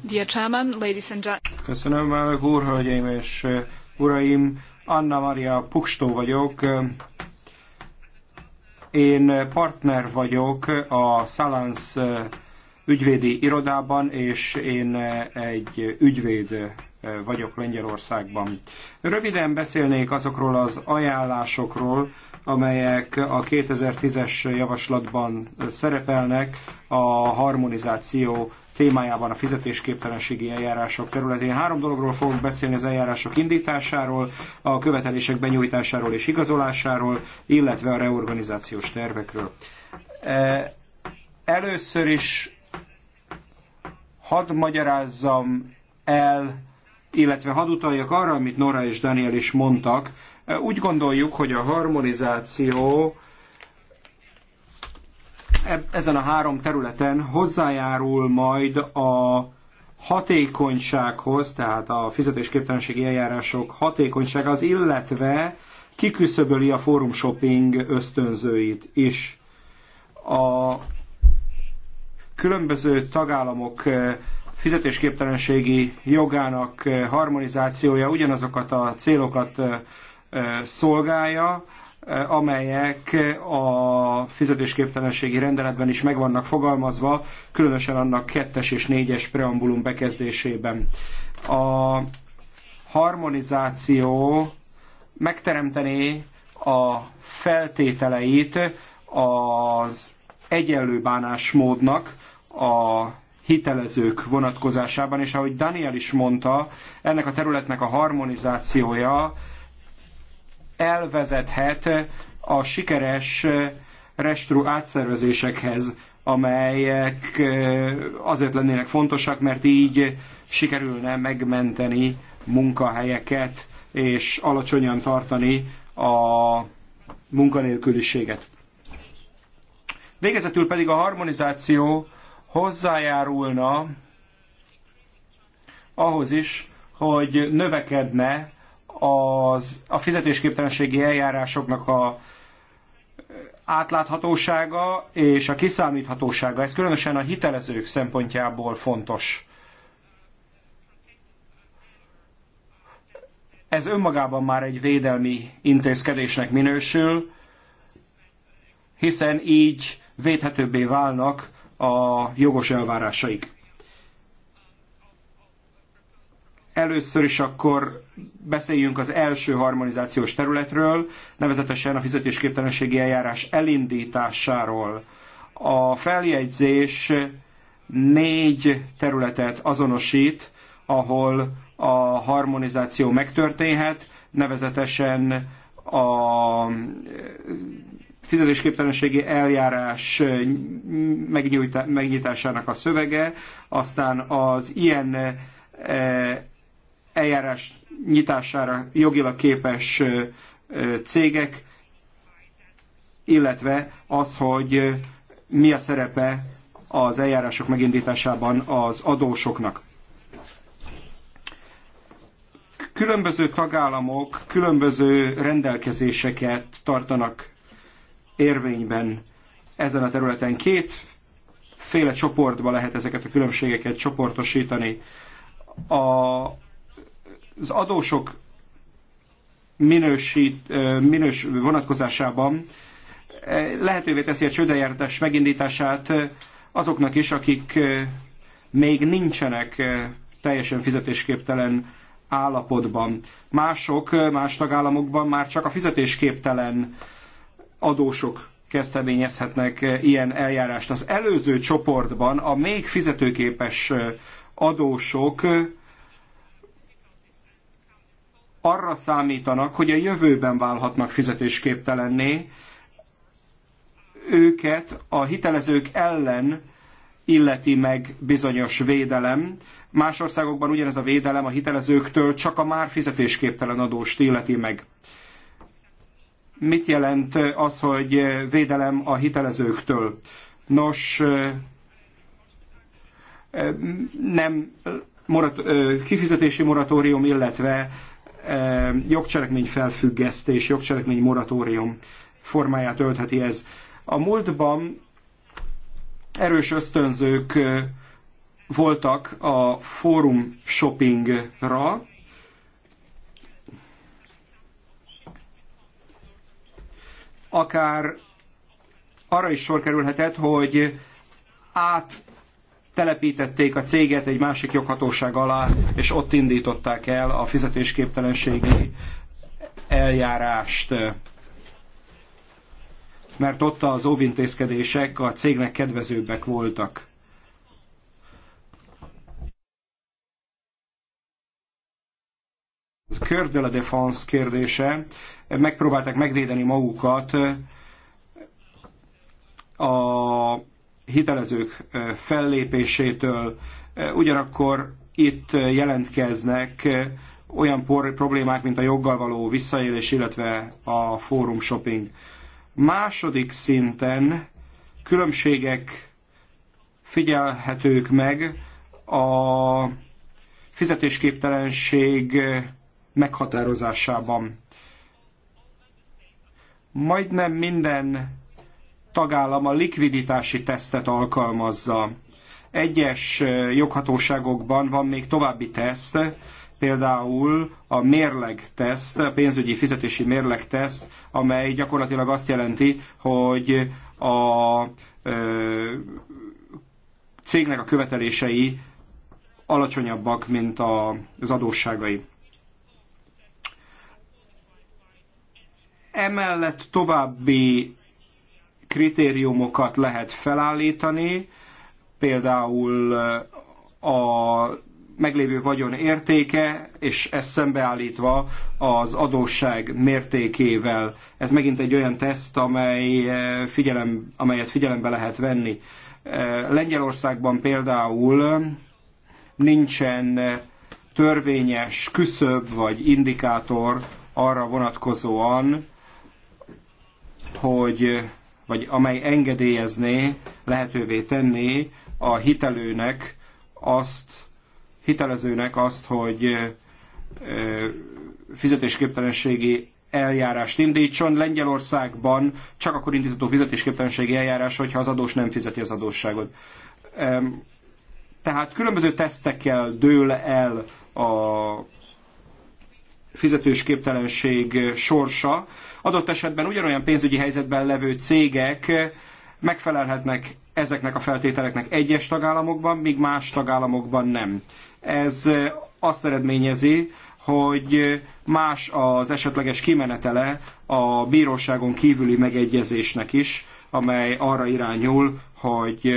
Dear Chairman, ladies and gentlemen. Köszönöm, elnök úr, hölgyeim és uraim! Anna Maria Pukstó vagyok. Én partner vagyok a Salans ügyvédi irodában, és én egy ügyvéd vagyok Lengyelországban. Röviden beszélnék azokról az ajánlásokról, amelyek a 2010-es javaslatban szerepelnek a harmonizáció témájában a fizetésképtelenségi eljárások területén. Három dologról fogok beszélni, az eljárások indításáról, a követelések benyújtásáról és igazolásáról, illetve a reorganizációs tervekről. E, először is hadd magyarázzam el, illetve hadd utaljak arra, amit Nora és Daniel is mondtak, úgy gondoljuk, hogy a harmonizáció ezen a három területen hozzájárul majd a hatékonysághoz, tehát a fizetésképtelenségi eljárások hatékonysága az, illetve kiküszöböli a fórum shopping ösztönzőit is. A különböző tagállamok eh, fizetésképtelenségi jogának eh, harmonizációja ugyanazokat a célokat eh, szolgálja, amelyek a fizetésképtelenségi rendeletben is meg vannak fogalmazva, különösen annak kettes és négyes preambulum bekezdésében. A harmonizáció megteremtené a feltételeit az egyenlő bánásmódnak a hitelezők vonatkozásában, és ahogy Daniel is mondta, ennek a területnek a harmonizációja elvezethet a sikeres restru átszervezésekhez, amelyek eh, azért lennének fontosak, mert így sikerülne megmenteni munkahelyeket és alacsonyan tartani a munkanélküliséget. Végezetül pedig a harmonizáció hozzájárulna ahhoz is, hogy növekedne az, a fizetésképtelenségi eljárásoknak a átláthatósága és a kiszámíthatósága. Ez különösen a hitelezők szempontjából fontos. Ez önmagában már egy védelmi intézkedésnek minősül, hiszen így védhetőbbé válnak a jogos elvárásaik. Először is akkor beszéljünk az első harmonizációs területről, nevezetesen a fizetésképtelenségi eljárás elindításáról. A feljegyzés négy területet azonosít, ahol a harmonizáció megtörténhet, nevezetesen a fizetésképtelenségi eljárás megnyitásának a szövege, aztán az ilyen eh, eljárás nyitására jogilag képes cégek, illetve az, hogy mi a szerepe az eljárások megindításában az adósoknak. Különböző tagállamok különböző rendelkezéseket tartanak érvényben ezen a területen. Két féle csoportba lehet ezeket a különbségeket csoportosítani. A az adósok minősít, minős vonatkozásában lehetővé teszi a csődejártás megindítását azoknak is, akik még nincsenek teljesen fizetésképtelen állapotban. Mások, más tagállamokban már csak a fizetésképtelen adósok kezdeményezhetnek ilyen eljárást. Az előző csoportban a még fizetőképes adósok arra számítanak, hogy a jövőben válhatnak fizetésképtelenné, őket a hitelezők ellen illeti meg bizonyos védelem. Más országokban ugyanez a védelem a hitelezőktől csak a már fizetésképtelen adóst illeti meg. Mit jelent az, hogy védelem a hitelezőktől? Nos, nem morat, kifizetési moratórium, illetve Eh, jogcselekmény felfüggesztés, jogcselekmény moratórium formáját öltheti ez. A múltban erős ösztönzők eh, voltak a fórum shoppingra, akár arra is sor kerülhetett, hogy át telepítették a céget egy másik joghatóság alá, és ott indították el a fizetésképtelenségi eljárást mert ott az óvintézkedések a cégnek kedvezőbbek voltak. A Cœur de la Défense kérdése, megpróbálták megvédeni magukat a hitelezők fellépésétől, ugyanakkor itt jelentkeznek olyan problémák, mint a joggal való visszaélés, illetve a fórum shopping. Második szinten különbségek figyelhetők meg a fizetésképtelenség meghatározásában. Majdnem minden tagállam a likviditási tesztet alkalmazza. Egyes joghatóságokban van még további teszt, például a mérleg teszt, a pénzügyi fizetési mérleg teszt, amely gyakorlatilag azt jelenti, hogy a ö, cégnek a követelései alacsonyabbak, mint a, az adósságai. Emellett további kritériumokat lehet felállítani, például a meglévő vagyon értéke, és ez szembeállítva az adósság mértékével. Ez megint egy olyan teszt, amely eh, figyelem, amelyet figyelembe lehet venni. Eh, Lengyelországban például nincsen törvényes küszöb vagy indikátor arra vonatkozóan, hogy vagy amely engedélyezné, lehetővé tenné a hitelőnek azt, hitelezőnek azt, hogy fizetésképtelenségi eljárást indítson. Lengyelországban csak akkor indítható fizetésképtelenségi eljárás, hogyha az adós nem fizeti az adósságot. Tehát különböző tesztekkel dől el a fizetősképtelenség sorsa. Adott esetben ugyanolyan pénzügyi helyzetben levő cégek megfelelhetnek ezeknek a feltételeknek egyes tagállamokban, míg más tagállamokban nem. Ez azt eredményezi, hogy más az esetleges kimenetele a bíróságon kívüli megegyezésnek is, amely arra irányul, hogy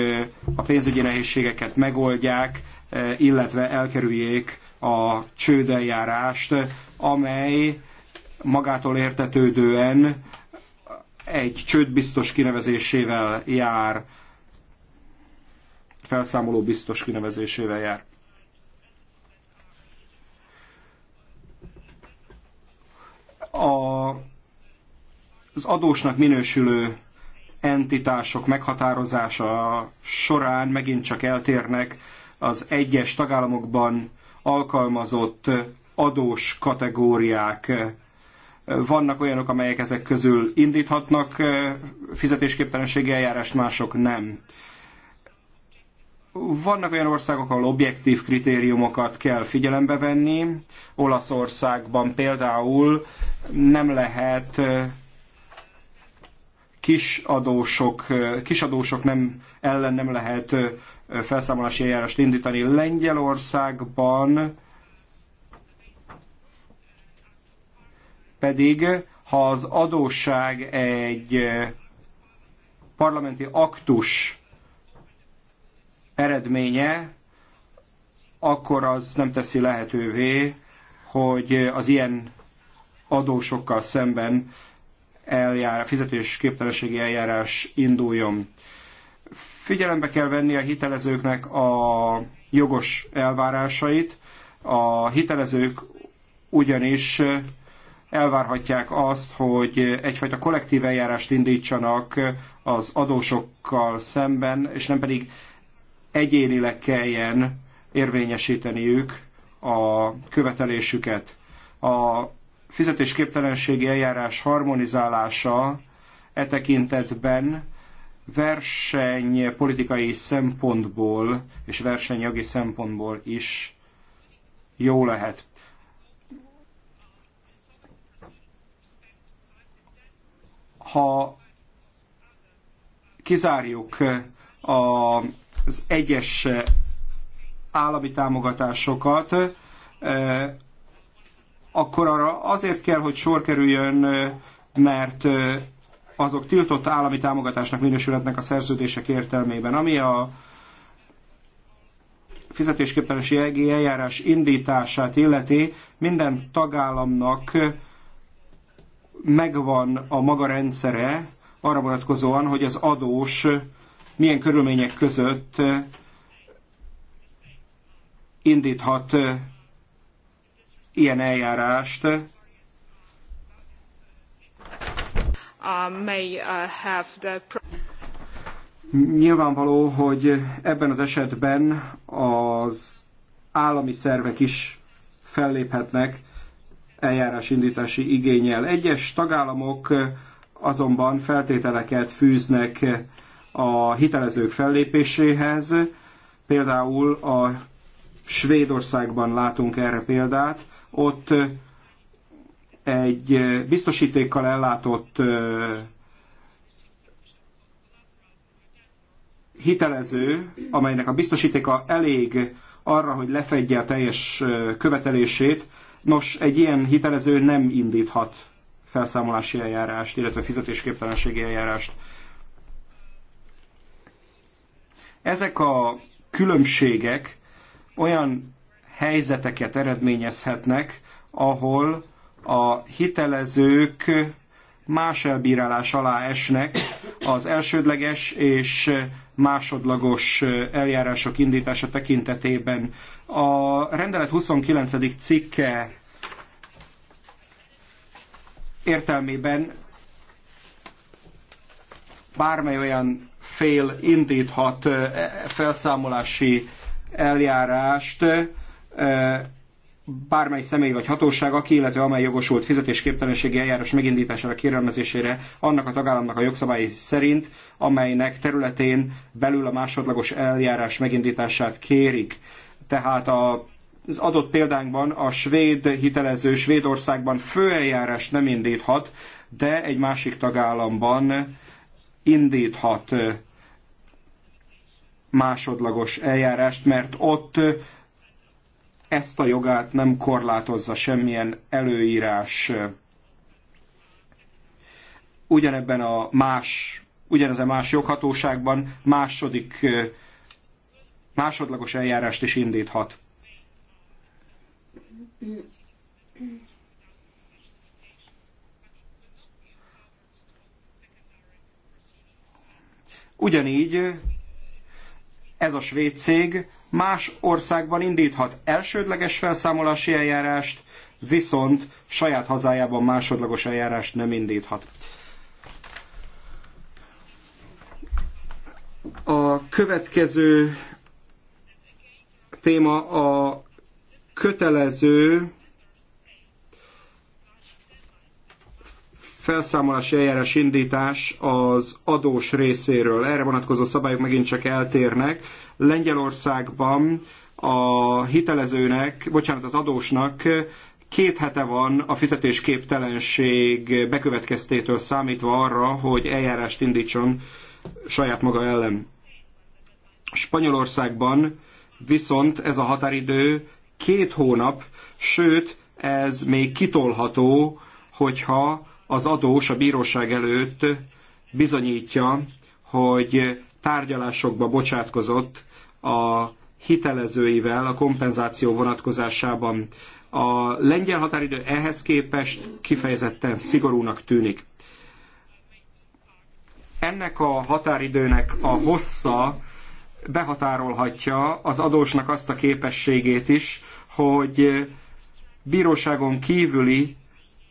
a pénzügyi nehézségeket megoldják, illetve elkerüljék a csődeljárást, amely magától értetődően egy csődbiztos kinevezésével jár, felszámoló biztos kinevezésével jár. A, az adósnak minősülő entitások meghatározása során megint csak eltérnek az egyes tagállamokban alkalmazott adós kategóriák vannak olyanok, amelyek ezek közül indíthatnak fizetésképtelenségi eljárást, mások nem. Vannak olyan országok, ahol objektív kritériumokat kell figyelembe venni. Olaszországban például nem lehet kisadósok, kisadósok nem, ellen nem lehet felszámolási eljárást indítani. Lengyelországban pedig, ha az adósság egy parlamenti aktus eredménye, akkor az nem teszi lehetővé, hogy az ilyen adósokkal szemben eljár, fizetésképtelenségi eljárás induljon. Figyelembe kell venni a hitelezőknek a jogos elvárásait. A hitelezők ugyanis elvárhatják azt, hogy egyfajta kollektív eljárást indítsanak az adósokkal szemben, és nem pedig egyénileg kelljen érvényesíteniük a követelésüket. A fizetésképtelenségi eljárás harmonizálása e tekintetben politikai szempontból és versenyjogi szempontból is jó lehet. Ha kizárjuk az egyes állami támogatásokat, akkor arra azért kell, hogy sor kerüljön, mert azok tiltott állami támogatásnak minősülhetnek a szerződések értelmében. Ami a fizetésképtelenségi eljárás indítását illeti, minden tagállamnak megvan a maga rendszere arra vonatkozóan, hogy az adós milyen körülmények között indíthat ilyen eljárást, uh, may uh, have the Nyilvánvaló, hogy ebben az esetben az állami szervek is felléphetnek eljárásindítási igényel. Egyes tagállamok azonban feltételeket fűznek a hitelezők fellépéséhez. Például a Svédországban látunk erre példát, ott egy biztosítékkal ellátott hitelező, amelynek a biztosítéka elég arra, hogy lefedje a teljes követelését, nos, egy ilyen hitelező nem indíthat felszámolási eljárást, illetve fizetésképtelenségi eljárást. Ezek a különbségek olyan helyzeteket eredményezhetnek, ahol a hitelezők más elbírálás alá esnek az elsődleges és másodlagos eljárások indítása tekintetében. A rendelet 29. cikke értelmében bármely olyan fél indíthat eh, felszámolási eljárást, bármely személy vagy hatóság, aki, illetve amely jogosult fizetésképtelenségi eljárás megindítására kérelmezésére annak a tagállamnak a jogszabályi szerint, amelynek területén belül a másodlagos eljárás megindítását kérik. Tehát a az adott példánkban a svéd hitelező Svédországban főeljárást nem indíthat, de egy másik tagállamban indíthat másodlagos eljárást, mert ott ezt a jogát nem korlátozza semmilyen előírás ugyanebben a más, ugyanezen más joghatóságban második, másodlagos eljárást is indíthat. Ugyanígy ez a svéd cég más országban indíthat elsődleges felszámolási eljárást, viszont saját hazájában másodlagos eljárást nem indíthat. A következő téma a kötelező felszámolási eljárás indítás az adós részéről. Erre vonatkozó szabályok megint csak eltérnek. Lengyelországban a hitelezőnek, bocsánat, az adósnak két hete van a fizetésképtelenség bekövetkeztétől számítva arra, hogy eljárást indítson saját maga ellen. Spanyolországban viszont ez a határidő két hónap, sőt, ez még kitolható, hogyha az adós a bíróság előtt bizonyítja, hogy tárgyalásokba bocsátkozott a hitelezőivel a kompenzáció vonatkozásában. A lengyel határidő ehhez képest kifejezetten szigorúnak tűnik. Ennek a határidőnek a hossza behatárolhatja az adósnak azt a képességét is, hogy bíróságon kívüli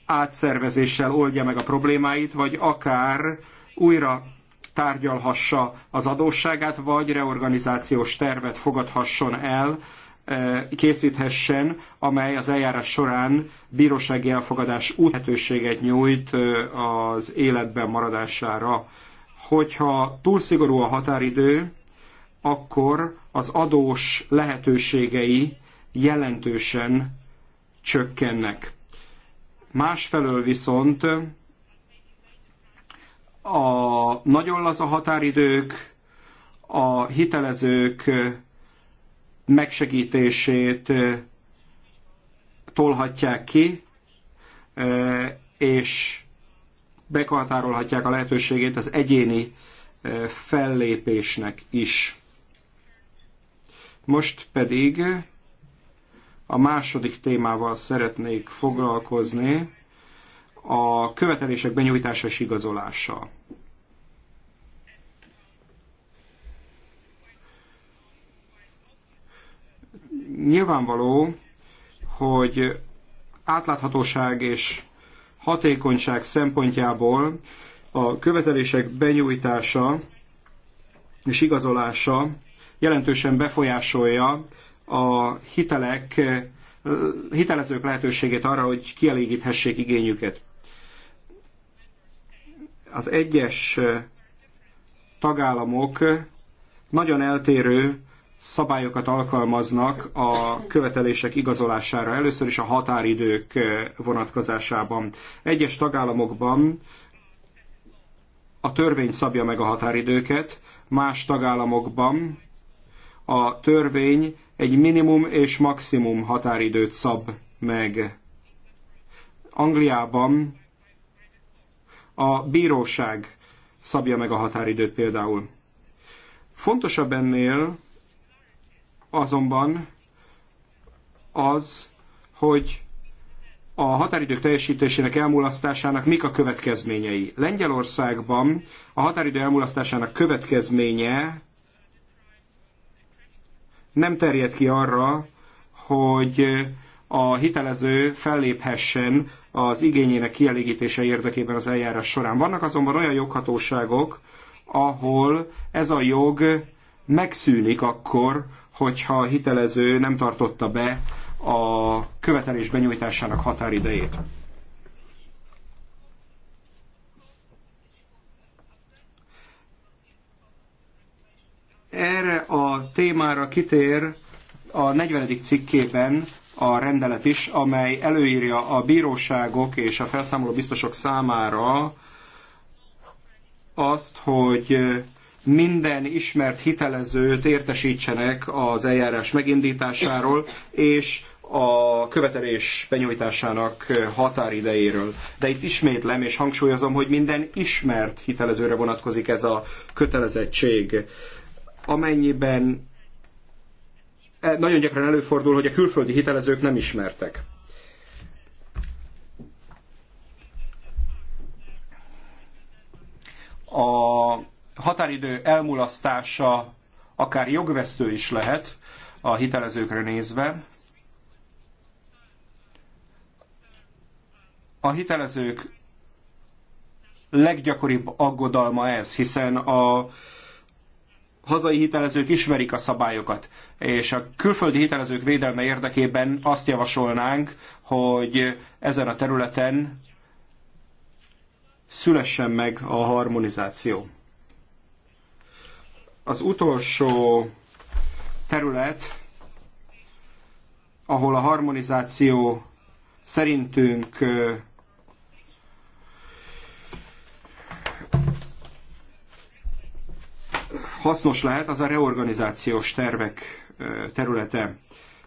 átszervezéssel oldja meg a problémáit, vagy akár újra tárgyalhassa az adósságát, vagy reorganizációs tervet fogadhasson el, e, készíthessen, amely az eljárás során bírósági elfogadás lehetőséget nyújt e, az életben maradására. Hogyha túl szigorú a határidő, akkor az adós lehetőségei jelentősen csökkennek. Másfelől viszont a nagyon laza határidők, a hitelezők megsegítését tolhatják ki, és bekartárolhatják a lehetőségét az egyéni fellépésnek is. Most pedig a második témával szeretnék foglalkozni, a követelések benyújtása és igazolása. Nyilvánvaló, hogy átláthatóság és hatékonyság szempontjából a követelések benyújtása és igazolása jelentősen befolyásolja a hitelek, hitelezők lehetőségét arra, hogy kielégíthessék igényüket. Az egyes tagállamok nagyon eltérő szabályokat alkalmaznak a követelések igazolására, először is a határidők vonatkozásában. Egyes tagállamokban a törvény szabja meg a határidőket, más tagállamokban a törvény egy minimum és maximum határidőt szab meg. Angliában a bíróság szabja meg a határidőt például. Fontosabb ennél azonban az, hogy a határidők teljesítésének elmulasztásának mik a következményei. Lengyelországban a határidő elmulasztásának következménye nem terjed ki arra, hogy a hitelező felléphessen az igényének kielégítése érdekében az eljárás során. Vannak azonban olyan joghatóságok, ahol ez a jog megszűnik akkor, hogyha a hitelező nem tartotta be a követelés benyújtásának határidejét. Erre a témára kitér a 40. cikkében a rendelet is, amely előírja a bíróságok és a felszámoló biztosok számára azt, hogy minden ismert hitelezőt értesítsenek az eljárás megindításáról, és a követelés benyújtásának határidejéről. De itt ismétlem és hangsúlyozom, hogy minden ismert hitelezőre vonatkozik ez a kötelezettség amennyiben e, nagyon gyakran előfordul, hogy a külföldi hitelezők nem ismertek. A határidő elmulasztása akár jogvesztő is lehet a hitelezőkre nézve. A hitelezők leggyakoribb aggodalma ez, hiszen a hazai hitelezők ismerik a szabályokat, és a külföldi hitelezők védelme érdekében azt javasolnánk, hogy ezen a területen szülessen meg a harmonizáció. Az utolsó terület, ahol a harmonizáció szerintünk hasznos lehet, az a reorganizációs tervek területe.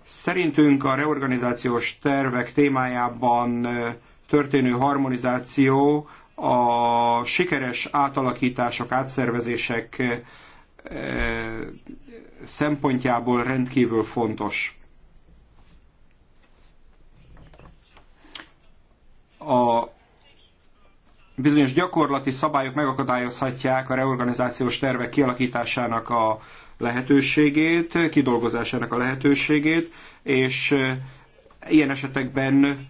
Szerintünk a reorganizációs tervek témájában történő harmonizáció a sikeres átalakítások, átszervezések szempontjából rendkívül fontos. A bizonyos gyakorlati szabályok megakadályozhatják a reorganizációs tervek kialakításának a lehetőségét, kidolgozásának a lehetőségét, és ilyen esetekben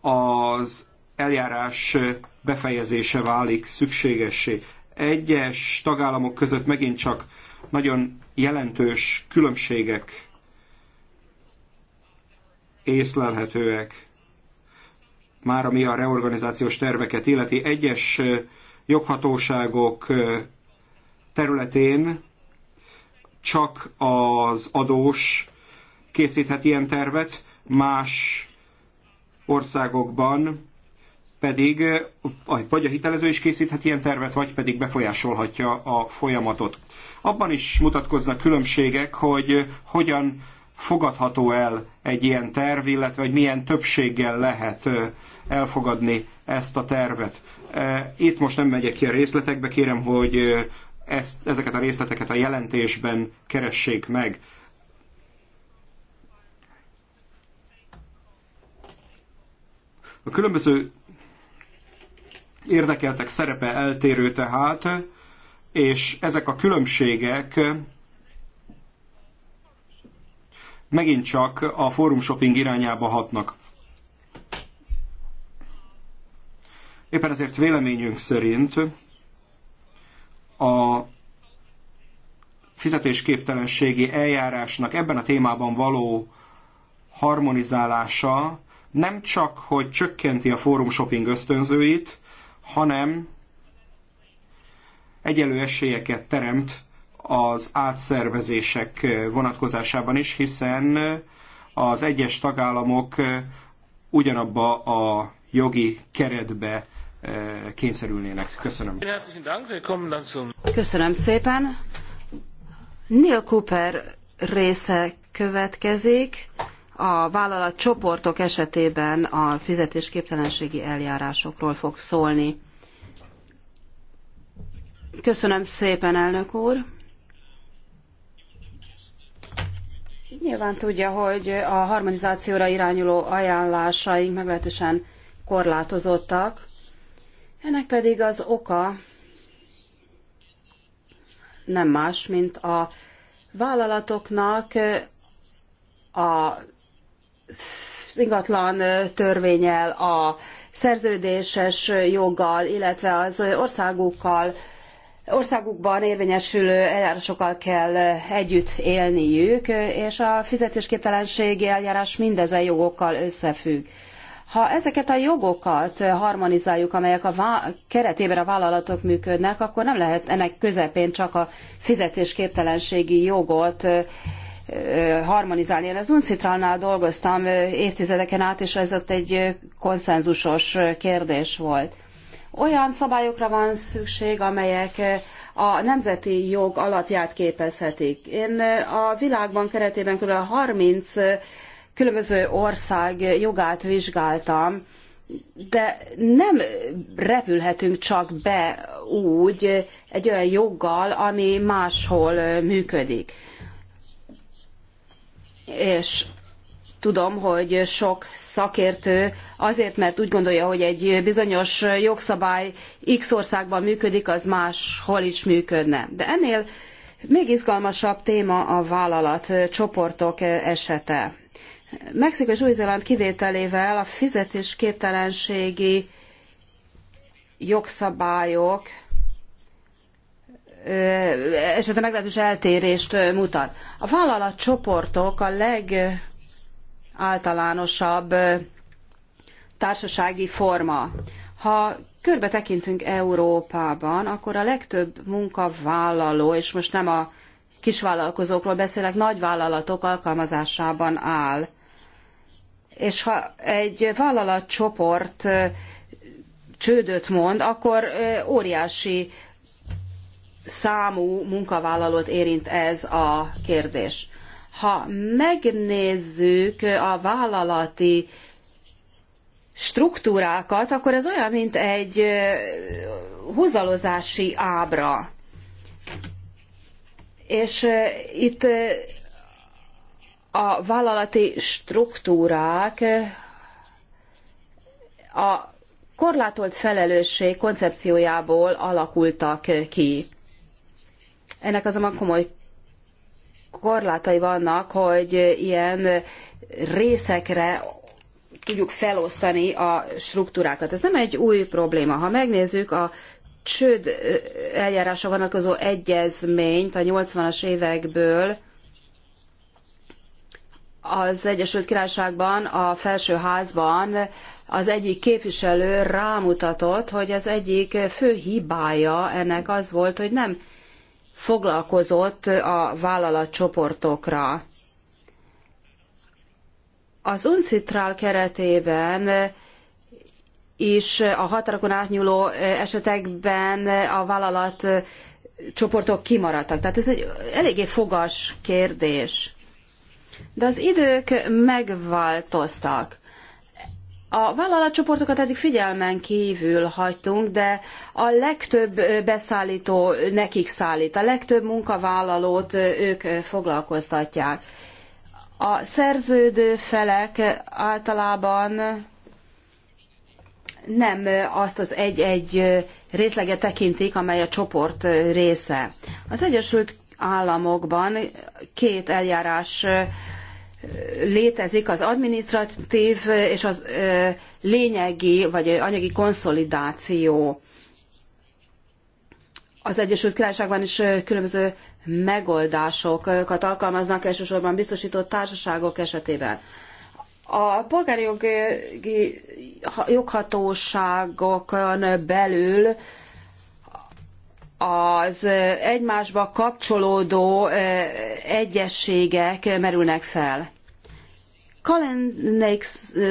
az eljárás befejezése válik szükségessé. Egyes tagállamok között megint csak nagyon jelentős különbségek észlelhetőek már ami a reorganizációs terveket illeti. Egyes joghatóságok területén csak az adós készíthet ilyen tervet, más országokban pedig vagy a hitelező is készíthet ilyen tervet, vagy pedig befolyásolhatja a folyamatot. Abban is mutatkoznak különbségek, hogy hogyan fogadható el egy ilyen terv, illetve hogy milyen többséggel lehet elfogadni ezt a tervet. Itt most nem megyek ki a részletekbe, kérem, hogy ezt, ezeket a részleteket a jelentésben keressék meg. A különböző érdekeltek szerepe eltérő tehát, és ezek a különbségek megint csak a fórum shopping irányába hatnak. Éppen ezért véleményünk szerint a fizetésképtelenségi eljárásnak ebben a témában való harmonizálása nem csak, hogy csökkenti a fórum shopping ösztönzőit, hanem egyelő esélyeket teremt az átszervezések vonatkozásában is, hiszen az egyes tagállamok ugyanabba a jogi keretbe eh, kényszerülnének. Köszönöm. Köszönöm szépen. Neil Cooper része következik a vállalat csoportok esetében a fizetésképtelenségi eljárásokról fog szólni. Köszönöm szépen, elnök úr! Nyilván tudja, hogy a harmonizációra irányuló ajánlásaink meglehetősen korlátozottak. Ennek pedig az oka nem más, mint a vállalatoknak a ingatlan törvényel, a szerződéses joggal, illetve az országukkal országukban érvényesülő eljárásokkal kell együtt élniük, és a fizetésképtelenségi eljárás mindezen jogokkal összefügg. Ha ezeket a jogokat harmonizáljuk, amelyek a keretében a vállalatok működnek, akkor nem lehet ennek közepén csak a fizetésképtelenségi jogot harmonizálni. Én az Uncitralnál dolgoztam évtizedeken át, és ez ott egy konszenzusos kérdés volt. Olyan szabályokra van szükség, amelyek eh, a nemzeti jog alapját képezhetik. Én eh, a világban keretében kb. 30 eh, különböző ország jogát vizsgáltam, de nem repülhetünk csak be úgy egy olyan joggal, ami máshol működik. És tudom, hogy sok szakértő azért, mert úgy gondolja, hogy egy bizonyos jogszabály X országban működik, az máshol is működne. De ennél még izgalmasabb téma a vállalat csoportok esete. Mexikó és Új-Zéland kivételével a fizetésképtelenségi jogszabályok esetleg meglehetős eltérést mutat. A vállalatcsoportok a leg általánosabb társasági forma. Ha körbe tekintünk Európában, akkor a legtöbb munkavállaló, és most nem a kisvállalkozókról beszélek, nagyvállalatok alkalmazásában áll. És ha egy vállalatcsoport csődöt mond, akkor óriási számú munkavállalót érint ez a kérdés. Ha megnézzük a vállalati struktúrákat, akkor ez olyan, mint egy húzalozási ábra. És itt a vállalati struktúrák a korlátolt felelősség koncepciójából alakultak ki. Ennek azonban komoly korlátai vannak, hogy ilyen részekre tudjuk felosztani a struktúrákat. Ez nem egy új probléma. Ha megnézzük a csőd eljárása vonatkozó egyezményt a 80-as évekből, az Egyesült Királyságban, a felsőházban az egyik képviselő rámutatott, hogy az egyik fő hibája ennek az volt, hogy nem foglalkozott a vállalatcsoportokra. Az UNCITRAL keretében és a határokon átnyúló esetekben a vállalat csoportok kimaradtak. Tehát ez egy eléggé fogas kérdés. De az idők megváltoztak. A vállalatcsoportokat eddig figyelmen kívül hagytunk, de a legtöbb beszállító nekik szállít, a legtöbb munkavállalót ők foglalkoztatják. A szerződő felek általában nem azt az egy-egy részleget tekintik, amely a csoport része. Az Egyesült Államokban két eljárás létezik az administratív és az lényegi vagy anyagi konszolidáció. Az Egyesült Királyságban is különböző megoldásokat alkalmaznak, elsősorban biztosított társaságok esetében. A polgári jogi joghatóságokon belül az egymásba kapcsolódó egyességek merülnek fel. Colin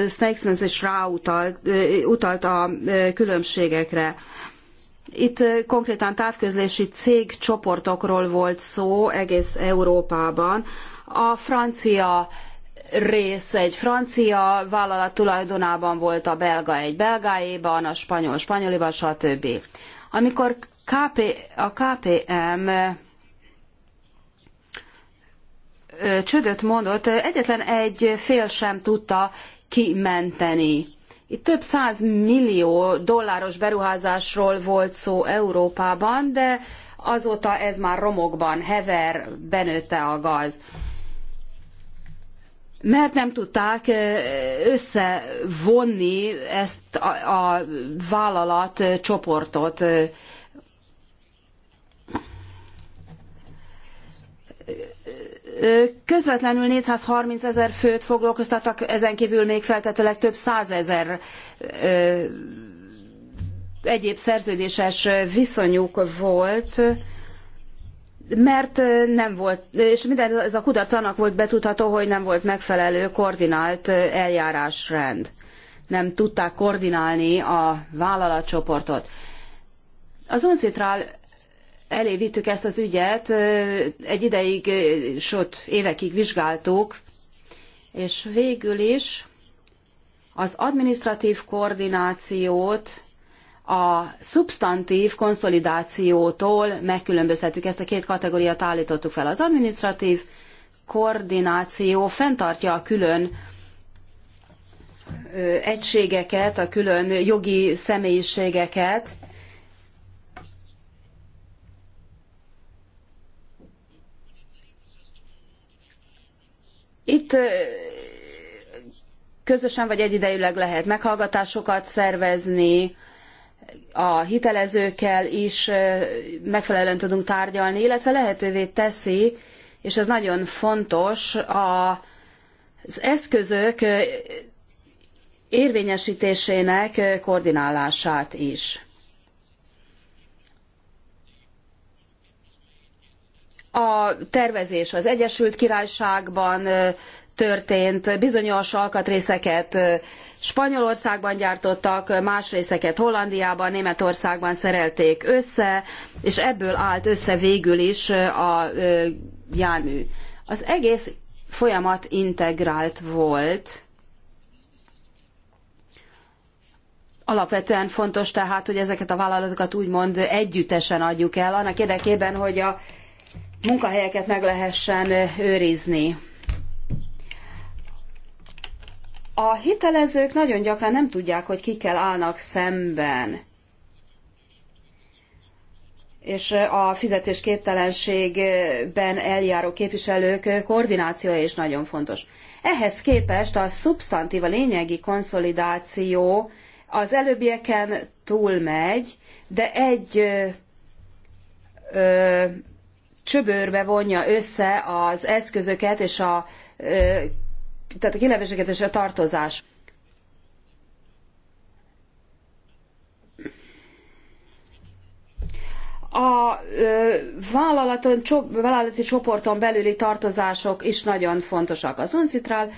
Snakesman is rá utalt, utalt a különbségekre. Itt konkrétan távközlési cégcsoportokról volt szó egész Európában. A francia rész egy francia vállalat tulajdonában volt, a belga egy belgáéban, a spanyol spanyoliban, stb. Amikor KP, a KPM csődöt mondott, egyetlen egy fél sem tudta kimenteni. Itt több száz millió dolláros beruházásról volt szó Európában, de azóta ez már romokban hever, benőtte a gaz. Mert nem tudták összevonni ezt a, a vállalat csoportot Közvetlenül 430 ezer főt foglalkoztattak, ezen kívül még feltetőleg több százezer egyéb szerződéses viszonyuk volt, mert nem volt, és minden ez a kudarc annak volt betudható, hogy nem volt megfelelő koordinált eljárásrend. Nem tudták koordinálni a vállalatcsoportot. Az UNCITRAL elé vittük ezt az ügyet, egy ideig, sőt évekig vizsgáltuk, és végül is az administratív koordinációt a szubstantív konszolidációtól megkülönböztetük. Ezt a két kategóriát állítottuk fel. Az administratív koordináció fenntartja a külön egységeket, a külön jogi személyiségeket, Itt közösen vagy egyidejűleg lehet meghallgatásokat szervezni, a hitelezőkkel is megfelelően tudunk tárgyalni, illetve lehetővé teszi, és ez nagyon fontos, az eszközök érvényesítésének koordinálását is. A tervezés az Egyesült Királyságban történt, bizonyos alkatrészeket Spanyolországban gyártottak, más részeket Hollandiában, Németországban szerelték össze, és ebből állt össze végül is a jármű. Az egész folyamat integrált volt. Alapvetően fontos tehát, hogy ezeket a vállalatokat úgymond együttesen adjuk el, annak érdekében, hogy a munkahelyeket meg lehessen őrizni. A hitelezők nagyon gyakran nem tudják, hogy kikkel állnak szemben. És a fizetésképtelenségben eljáró képviselők koordinációja is nagyon fontos. Ehhez képest a szubstantív, a lényegi konszolidáció az előbbieken túlmegy, de egy ö, csöbörbe vonja össze az eszközöket és a tehát a kilevéseket és a tartozás. A vállalaton, vállalati csoporton belüli tartozások is nagyon fontosak. Az uncitrál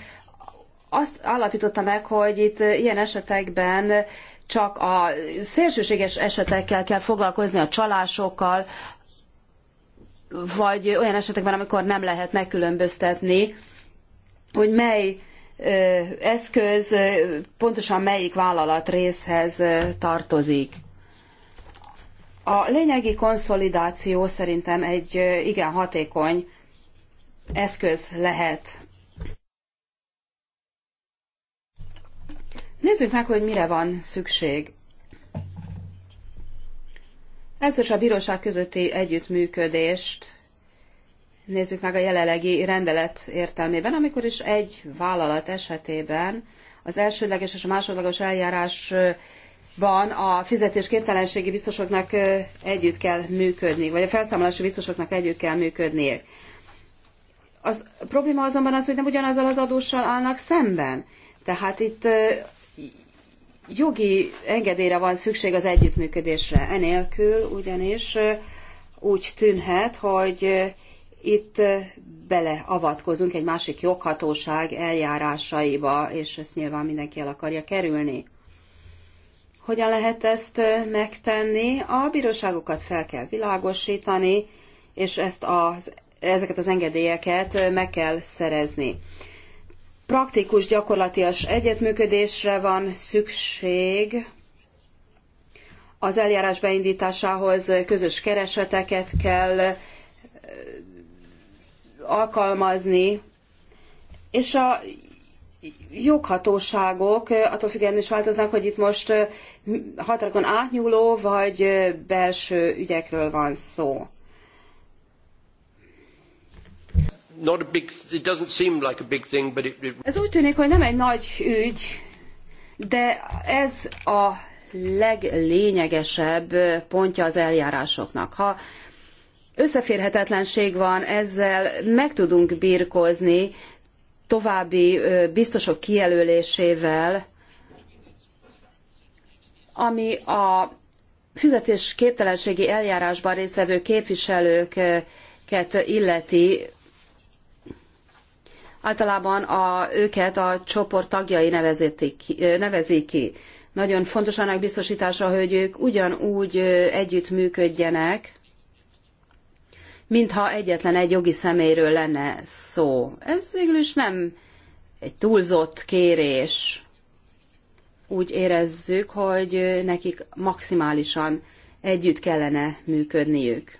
azt állapította meg, hogy itt ilyen esetekben csak a szélsőséges esetekkel kell foglalkozni, a csalásokkal, vagy olyan esetekben, amikor nem lehet megkülönböztetni, hogy mely eszköz pontosan melyik vállalat részhez tartozik. A lényegi konszolidáció szerintem egy igen hatékony eszköz lehet. Nézzük meg, hogy mire van szükség. Először a bíróság közötti együttműködést nézzük meg a jelenlegi rendelet értelmében, amikor is egy vállalat esetében az elsődleges és a másodlagos eljárásban a fizetésképtelenségi biztosoknak együtt kell működni, vagy a felszámolási biztosoknak együtt kell működniük. Az a probléma azonban az, hogy nem ugyanazzal az adóssal állnak szemben. Tehát itt jogi engedélyre van szükség az együttműködésre. Enélkül ugyanis úgy tűnhet, hogy itt beleavatkozunk egy másik joghatóság eljárásaiba, és ezt nyilván mindenki el akarja kerülni. Hogyan lehet ezt megtenni? A bíróságokat fel kell világosítani, és ezt az, ezeket az engedélyeket meg kell szerezni praktikus, gyakorlatias egyetműködésre van szükség. Az eljárás beindításához közös kereseteket kell alkalmazni, és a joghatóságok attól függően is változnak, hogy itt most határokon átnyúló vagy belső ügyekről van szó. Ez úgy tűnik, hogy nem egy nagy ügy, de ez a leglényegesebb pontja az eljárásoknak. Ha összeférhetetlenség van, ezzel meg tudunk birkózni további biztosok kijelölésével, ami a fizetésképtelenségi eljárásban résztvevő képviselőket illeti, általában a, őket a csoport tagjai nevezik, nevezik ki. Nagyon fontos annak biztosítása, hogy ők ugyanúgy együttműködjenek, mintha egyetlen egy jogi személyről lenne szó. Ez végül is nem egy túlzott kérés. Úgy érezzük, hogy nekik maximálisan együtt kellene működniük.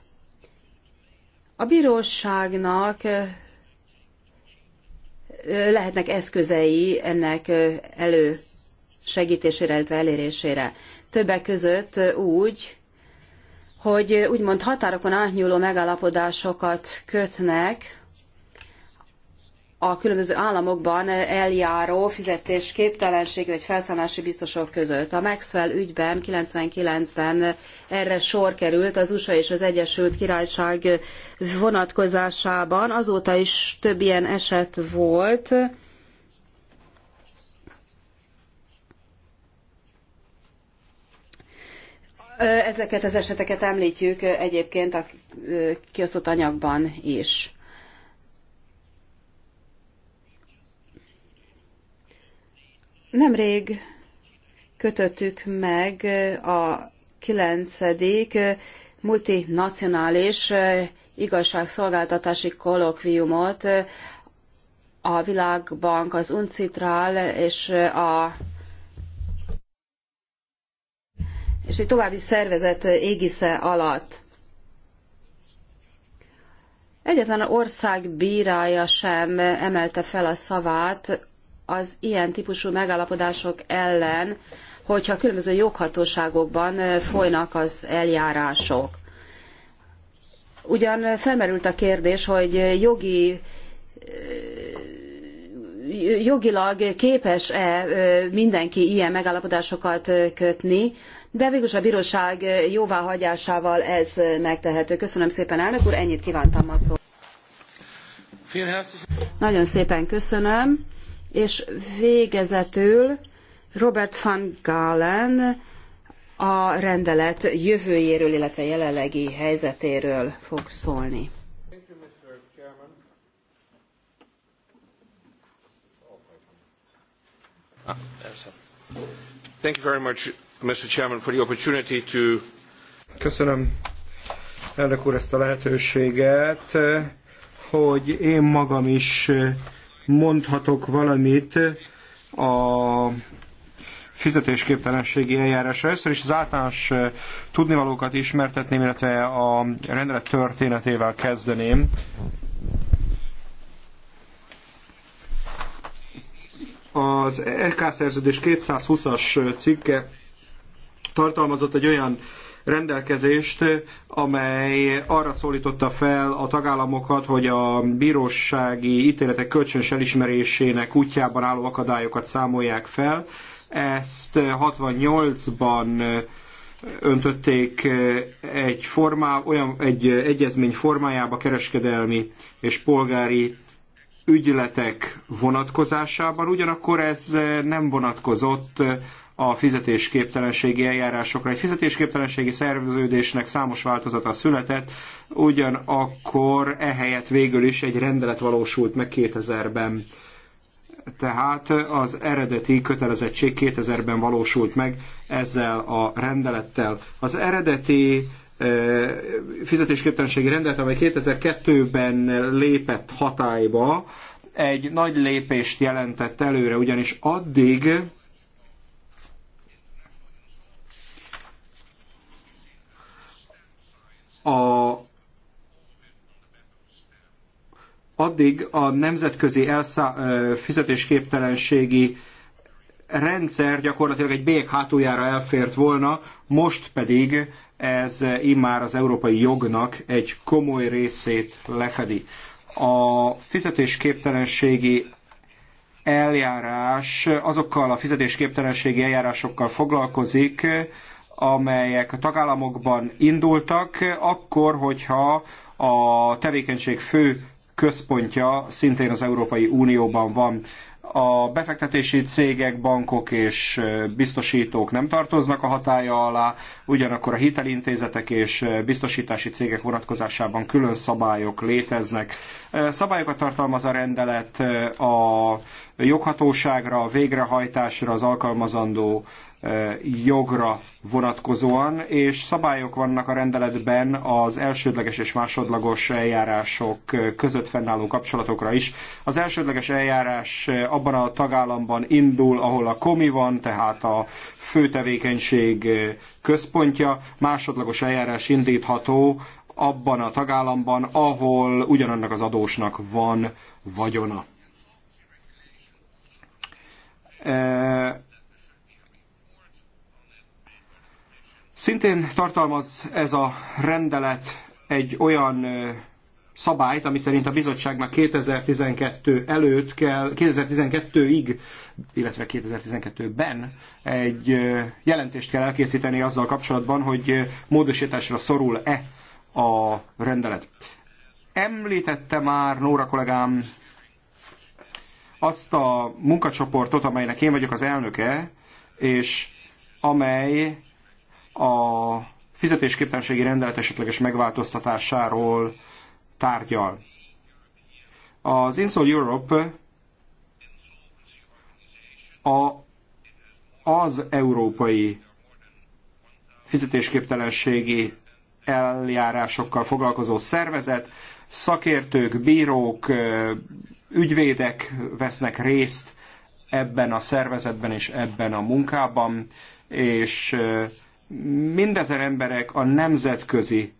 A bíróságnak lehetnek eszközei ennek elő segítésére, illetve elérésére. Többek között úgy, hogy úgymond határokon átnyúló megállapodásokat kötnek, a különböző államokban eljáró fizetésképtelenségi vagy felszámolási biztosok között. A Maxwell ügyben 99-ben erre sor került az USA és az Egyesült Királyság vonatkozásában. Azóta is több ilyen eset volt. Ezeket az eseteket említjük egyébként a kiosztott anyagban is. Nemrég kötöttük meg a kilencedik multinacionális igazságszolgáltatási kolokviumot a Világbank, az UNCITRAL és a és egy további szervezet égisze alatt. Egyetlen ország bírája sem emelte fel a szavát az ilyen típusú megállapodások ellen, hogyha különböző joghatóságokban folynak az eljárások. Ugyan felmerült a kérdés, hogy jogi jogilag képes-e mindenki ilyen megállapodásokat kötni, de végülis a bíróság jóváhagyásával ez megtehető. Köszönöm szépen, elnök úr, ennyit kívántam ma szó. Nagyon szépen köszönöm és végezetül Robert van Galen a rendelet jövőjéről, illetve jelenlegi helyzetéről fog szólni. Thank you very much, Mr. Chairman, for the opportunity to... Köszönöm, elnök úr, ezt a lehetőséget, hogy én magam is mondhatok valamit a fizetésképtelenségi eljárásra. Először is az általános tudnivalókat ismertetném, illetve a rendelet történetével kezdeném. Az EK szerződés 220-as cikke tartalmazott egy olyan rendelkezést, amely arra szólította fel a tagállamokat, hogy a bírósági ítéletek kölcsönös elismerésének útjában álló akadályokat számolják fel. Ezt 68-ban öntötték egy, formá, olyan, egy egyezmény formájába kereskedelmi és polgári ügyletek vonatkozásában, ugyanakkor ez nem vonatkozott a fizetésképtelenségi eljárásokra. Egy fizetésképtelenségi szerveződésnek számos változata született, ugyanakkor ehelyett végül is egy rendelet valósult meg 2000-ben tehát az eredeti kötelezettség 2000-ben valósult meg ezzel a rendelettel. Az eredeti fizetésképtelenségi rendelet, amely 2002-ben lépett hatályba, egy nagy lépést jelentett előre, ugyanis addig a addig a nemzetközi elszá- fizetésképtelenségi rendszer gyakorlatilag egy bék hátuljára elfért volna, most pedig ez immár az európai jognak egy komoly részét lefedi. A fizetésképtelenségi eljárás azokkal a fizetésképtelenségi eljárásokkal foglalkozik, amelyek a tagállamokban indultak, akkor, hogyha a tevékenység fő központja szintén az Európai Unióban van. A befektetési cégek, bankok és biztosítók nem tartoznak a hatája alá, ugyanakkor a hitelintézetek és biztosítási cégek vonatkozásában külön szabályok léteznek. Szabályokat tartalmaz a rendelet a joghatóságra, a végrehajtásra, az alkalmazandó jogra vonatkozóan, és szabályok vannak a rendeletben az elsődleges és másodlagos eljárások között fennálló kapcsolatokra is. Az elsődleges eljárás abban a tagállamban indul, ahol a komi van, tehát a főtevékenység központja, másodlagos eljárás indítható abban a tagállamban, ahol ugyanannak az adósnak van vagyona. E Szintén tartalmaz ez a rendelet egy olyan szabályt, ami szerint a bizottságnak 2012 előtt kell, 2012-ig, illetve 2012-ben egy jelentést kell elkészíteni azzal kapcsolatban, hogy módosításra szorul-e a rendelet. Említette már Nóra kollégám azt a munkacsoportot, amelynek én vagyok az elnöke, és amely a fizetésképtelenségi rendelet esetleges megváltoztatásáról tárgyal. Az Insol Europe a, az európai fizetésképtelenségi eljárásokkal foglalkozó szervezet, szakértők, bírók, ügyvédek vesznek részt ebben a szervezetben és ebben a munkában, és mindezer emberek a nemzetközi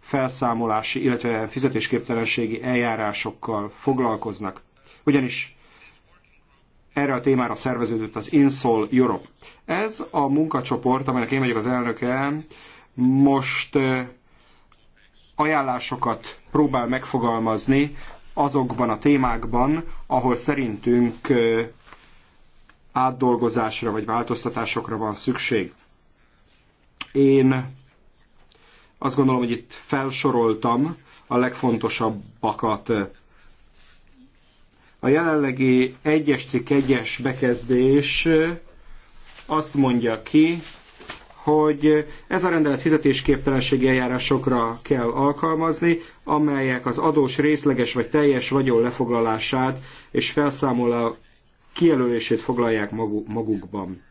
felszámolási, illetve fizetésképtelenségi eljárásokkal foglalkoznak. Ugyanis erre a témára szerveződött az Insol Europe. Ez a munkacsoport, amelynek én vagyok az elnöke, most ajánlásokat próbál megfogalmazni azokban a témákban, ahol szerintünk átdolgozásra vagy változtatásokra van szükség. Én azt gondolom, hogy itt felsoroltam a legfontosabbakat. A jelenlegi egyes cikk egyes bekezdés azt mondja ki, hogy ez a rendelet fizetésképtelenségi eljárásokra kell alkalmazni, amelyek az adós részleges vagy teljes vagyon lefoglalását és felszámolá kijelölését foglalják magukban.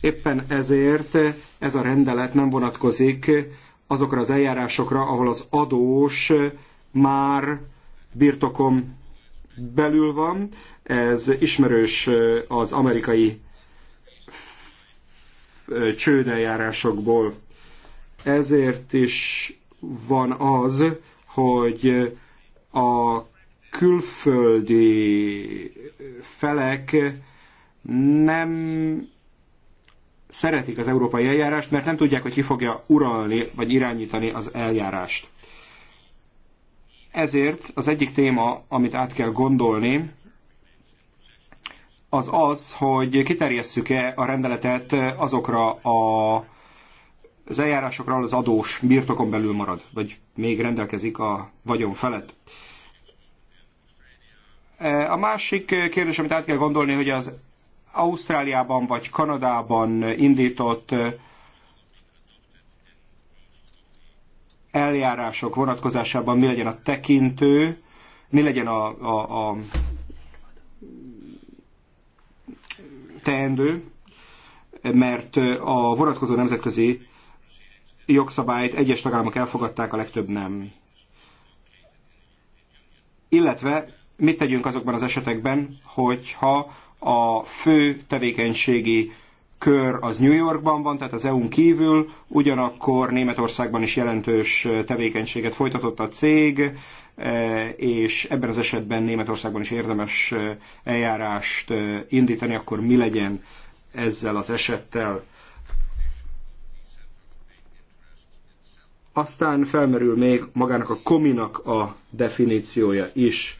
Éppen ezért ez a rendelet nem vonatkozik azokra az eljárásokra, ahol az adós már birtokom belül van. Ez ismerős az amerikai csődeljárásokból. Ezért is van az, hogy a külföldi felek nem szeretik az európai eljárást, mert nem tudják, hogy ki fogja uralni vagy irányítani az eljárást. Ezért az egyik téma, amit át kell gondolni, az az, hogy kiterjesszük-e a rendeletet azokra a, az eljárásokra, ahol az adós birtokon belül marad, vagy még rendelkezik a vagyon felett. E, a másik kérdés, amit át kell gondolni, hogy az Ausztráliában vagy Kanadában indított eljárások vonatkozásában mi legyen a tekintő, mi legyen a, a, a teendő, mert a vonatkozó nemzetközi jogszabályt egyes tagállamok elfogadták, a legtöbb nem. Illetve mit tegyünk azokban az esetekben, hogyha a fő tevékenységi kör az New Yorkban van, tehát az EU-n kívül, ugyanakkor Németországban is jelentős tevékenységet folytatott a cég, eh, és ebben az esetben Németországban is érdemes eh, eljárást eh, indítani, akkor mi legyen ezzel az esettel. Aztán felmerül még magának a kominak a definíciója is.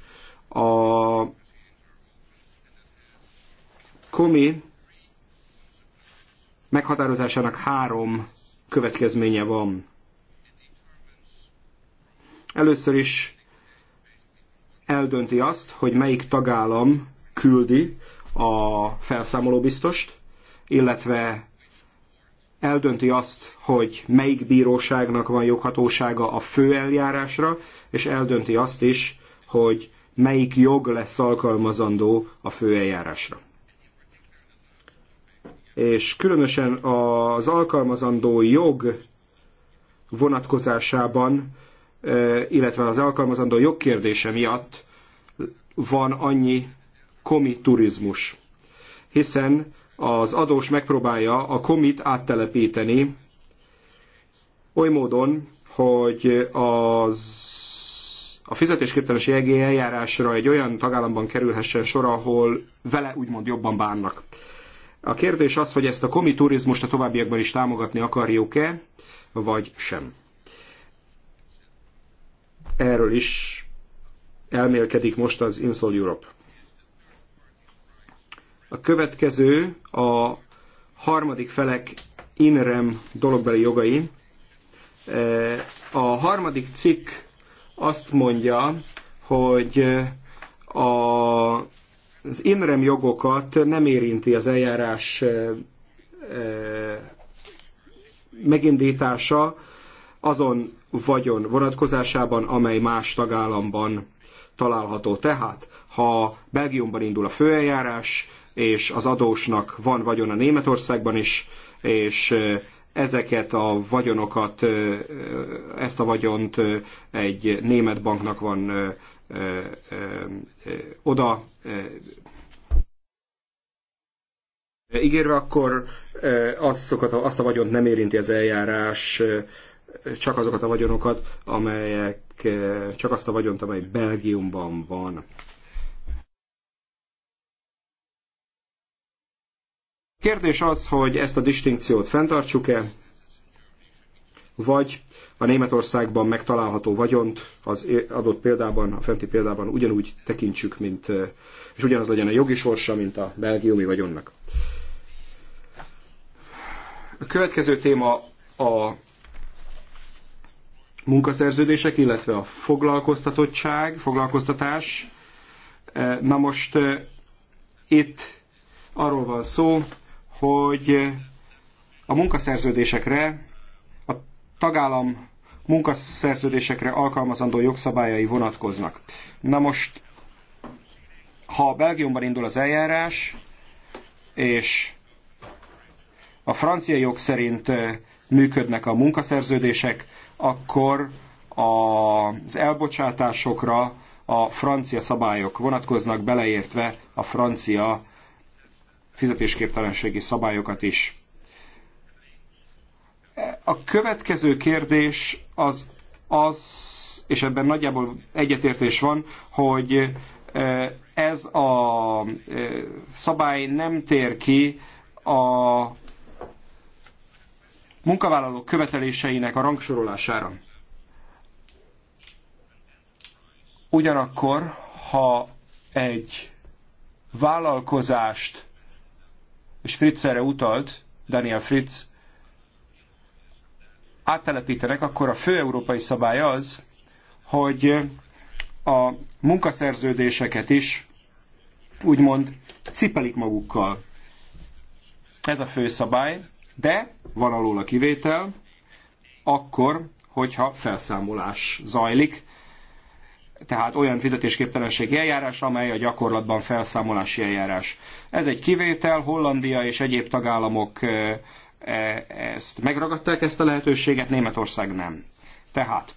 A Komi meghatározásának három következménye van. Először is eldönti azt, hogy melyik tagállam küldi a felszámoló biztost, illetve eldönti azt, hogy melyik bíróságnak van joghatósága a fő eljárásra, és eldönti azt is, hogy melyik jog lesz alkalmazandó a fő eljárásra és különösen az alkalmazandó jog vonatkozásában, e, illetve az alkalmazandó jogkérdése miatt van annyi komi turizmus. Hiszen az adós megpróbálja a komit áttelepíteni oly módon, hogy az a fizetésképtelenségi egély eljárásra egy olyan tagállamban kerülhessen sor, ahol vele úgymond jobban bánnak. A kérdés az, hogy ezt a turizmust a továbbiakban is támogatni akarjuk-e, vagy sem. Erről is elmélkedik most az Insol Europe. A következő a harmadik felek inrem dologbeli jogai. E, a harmadik cikk azt mondja, hogy a az inrem jogokat nem érinti az eljárás megindítása azon vagyon vonatkozásában, amely más tagállamban található. Tehát, ha Belgiumban indul a főeljárás, és az adósnak van vagyona Németországban is, és ezeket a vagyonokat, ezt a vagyont egy német banknak van oda ígérve, akkor azokat, azt a vagyont nem érinti az eljárás, csak azokat a vagyonokat, amelyek, csak azt a vagyont, amely Belgiumban van. Kérdés az, hogy ezt a distinkciót fenntartsuk-e, vagy a Németországban megtalálható vagyont az adott példában, a fenti példában ugyanúgy tekintsük, mint, és ugyanaz legyen a jogi sorsa, mint a belgiumi vagyonnak. A következő téma a munkaszerződések, illetve a foglalkoztatottság, foglalkoztatás. Na most itt arról van szó, hogy a munkaszerződésekre tagállam munkaszerződésekre alkalmazandó jogszabályai vonatkoznak. Na most, ha Belgiumban indul az eljárás, és a francia jog szerint működnek a munkaszerződések, akkor az elbocsátásokra a francia szabályok vonatkoznak, beleértve a francia fizetésképtelenségi szabályokat is. A következő kérdés az, az és ebben nagyjából egyetértés van, hogy e, ez a e, szabály nem tér ki a munkavállalók követeléseinek a rangsorolására. Ugyanakkor, ha egy vállalkozást, és erre utalt, Daniel Fritz, áttelepítenek, akkor a fő európai szabály az, hogy a munkaszerződéseket is úgymond cipelik magukkal. Ez a fő szabály, de van alól a kivétel, akkor, hogyha felszámolás zajlik, tehát olyan fizetésképtelenségi eljárás, amely a gyakorlatban felszámolási eljárás. Ez egy kivétel, Hollandia és egyéb tagállamok eh, E, ezt megragadták ezt a lehetőséget, Németország nem. Tehát,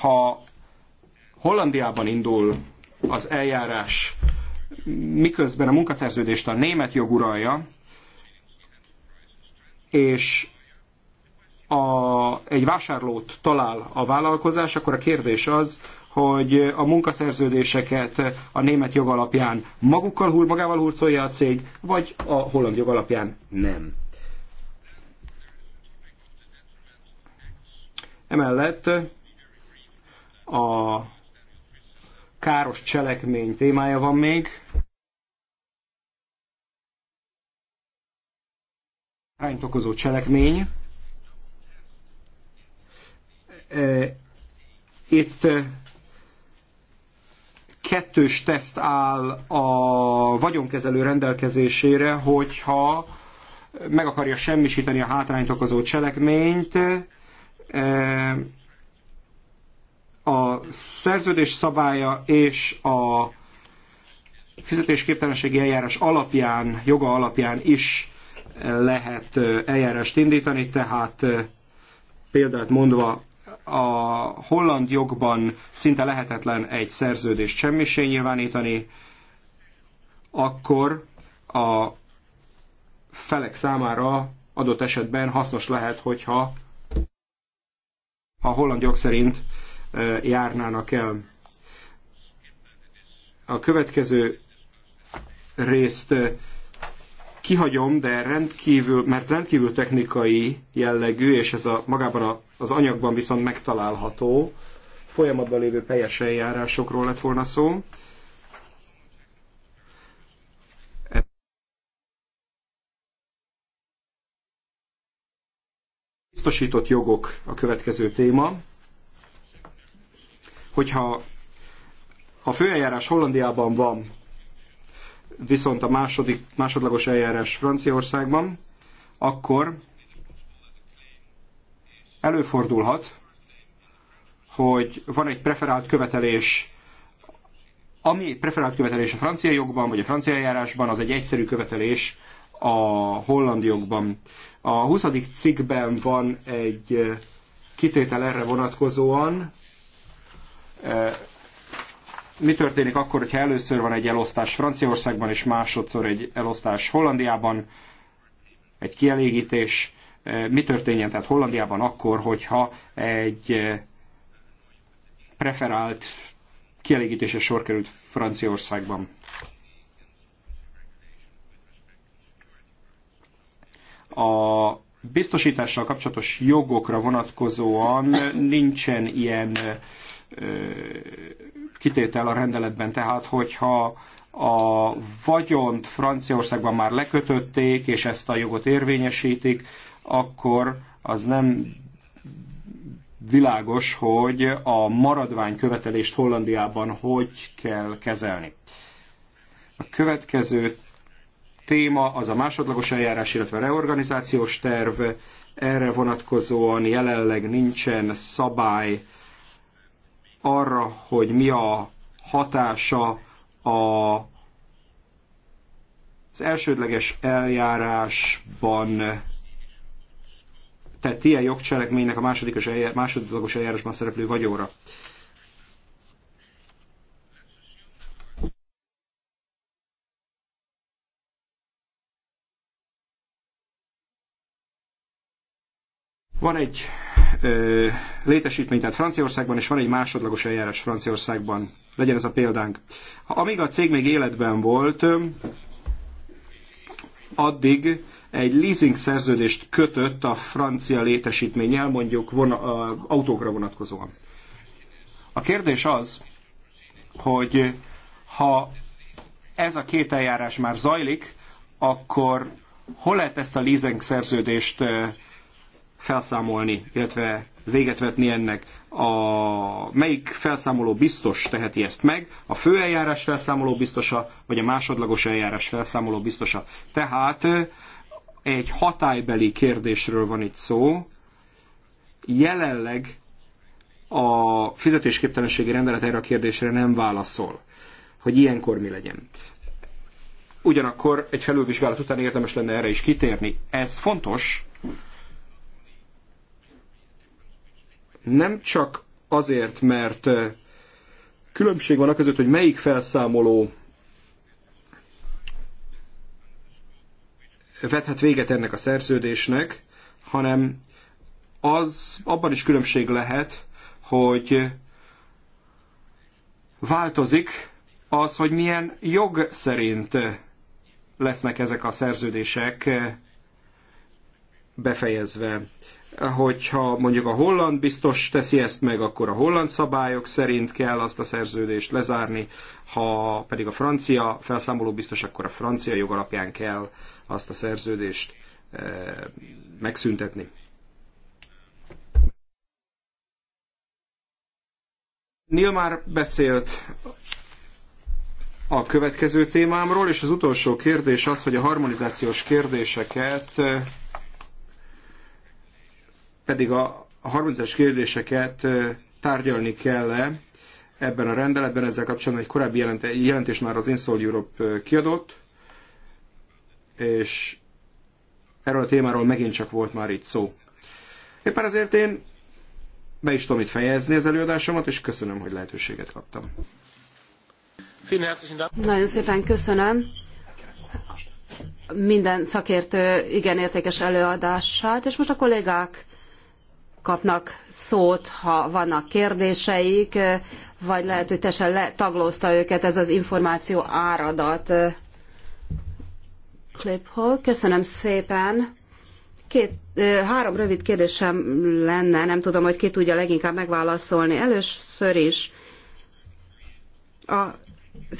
ha Hollandiában indul az eljárás, miközben a munkaszerződést a német jog uralja, és a, egy vásárlót talál a vállalkozás, akkor a kérdés az, hogy a munkaszerződéseket a német jog alapján magukkal magával hurcolja a cég, vagy a holland jog alapján nem. Emellett a káros cselekmény témája van még. Rányt okozó cselekmény. E, itt kettős teszt áll a vagyonkezelő rendelkezésére, hogyha meg akarja semmisíteni a hátrányt okozó cselekményt, a szerződés szabálya és a fizetésképtelenségi eljárás alapján, joga alapján is lehet eljárást indítani, tehát példát mondva a holland jogban szinte lehetetlen egy szerződést semmisé nyilvánítani, akkor a felek számára adott esetben hasznos lehet, hogyha ha a holland jog szerint járnának el. A következő részt kihagyom, de rendkívül, mert rendkívül technikai jellegű, és ez a, magában a, az anyagban viszont megtalálható, folyamatban lévő teljes eljárásokról lett volna szó. biztosított jogok a következő téma. Hogyha a főeljárás Hollandiában van, viszont a második, másodlagos eljárás Franciaországban, akkor előfordulhat, hogy van egy preferált követelés, ami preferált követelés a francia jogban, vagy a francia eljárásban, az egy egyszerű követelés a hollandiokban. A 20. cikkben van egy eh, kitétel erre vonatkozóan, eh, mi történik akkor, hogyha először van egy elosztás Franciaországban, és másodszor egy elosztás Hollandiában, egy kielégítés, eh, mi történjen tehát Hollandiában akkor, hogyha egy preferált kielégítése sor került Franciaországban. A biztosítással kapcsolatos jogokra vonatkozóan nincsen ilyen kitétel a rendeletben, tehát hogyha a vagyont Franciaországban már lekötötték, és ezt a jogot érvényesítik, akkor az nem világos, hogy a maradvány követelést Hollandiában hogy kell kezelni. A következő téma az a másodlagos eljárás, illetve a reorganizációs terv. Erre vonatkozóan jelenleg nincsen szabály arra, hogy mi a hatása a, az elsődleges eljárásban tehát ilyen jogcselekménynek a másodikos eljár, másodlagos eljárásban szereplő vagyóra. Van egy ö, létesítmény, tehát Franciaországban, és van egy másodlagos eljárás Franciaországban. Legyen ez a példánk. Amíg a cég még életben volt, addig egy leasing szerződést kötött a francia létesítménnyel, mondjuk von, a, autókra vonatkozóan. A kérdés az, hogy ha ez a két eljárás már zajlik, akkor hol lehet ezt a leasing szerződést felszámolni, illetve véget vetni ennek. A, melyik felszámoló biztos teheti ezt meg? A fő eljárás felszámoló biztosa, vagy a másodlagos eljárás felszámoló biztosa? Tehát egy hatálybeli kérdésről van itt szó. Jelenleg a fizetésképtelenségi rendelet erre a kérdésre nem válaszol, hogy ilyenkor mi legyen. Ugyanakkor egy felülvizsgálat után érdemes lenne erre is kitérni. Ez fontos, nem csak azért, mert különbség van a között, hogy melyik felszámoló vethet véget ennek a szerződésnek, hanem az abban is különbség lehet, hogy változik az, hogy milyen jog szerint lesznek ezek a szerződések befejezve hogyha mondjuk a holland biztos teszi ezt meg, akkor a holland szabályok szerint kell azt a szerződést lezárni, ha pedig a francia felszámoló biztos, akkor a francia jog alapján kell azt a szerződést eh, megszüntetni. Neil már beszélt a következő témámról, és az utolsó kérdés az, hogy a harmonizációs kérdéseket eh, pedig a 30-es kérdéseket tárgyalni kell -e ebben a rendeletben, ezzel kapcsolatban egy korábbi jelentés már az Insol Europe kiadott, és erről a témáról megint csak volt már itt szó. Éppen ezért én be is tudom itt fejezni az előadásomat, és köszönöm, hogy lehetőséget kaptam. Nagyon szépen köszönöm minden szakértő igen értékes előadását, és most a kollégák kapnak szót, ha vannak kérdéseik, vagy lehet, hogy teljesen letaglózta őket ez az információ áradat. Kliphol, köszönöm szépen. Két, három rövid kérdésem lenne, nem tudom, hogy ki tudja leginkább megválaszolni. Először is a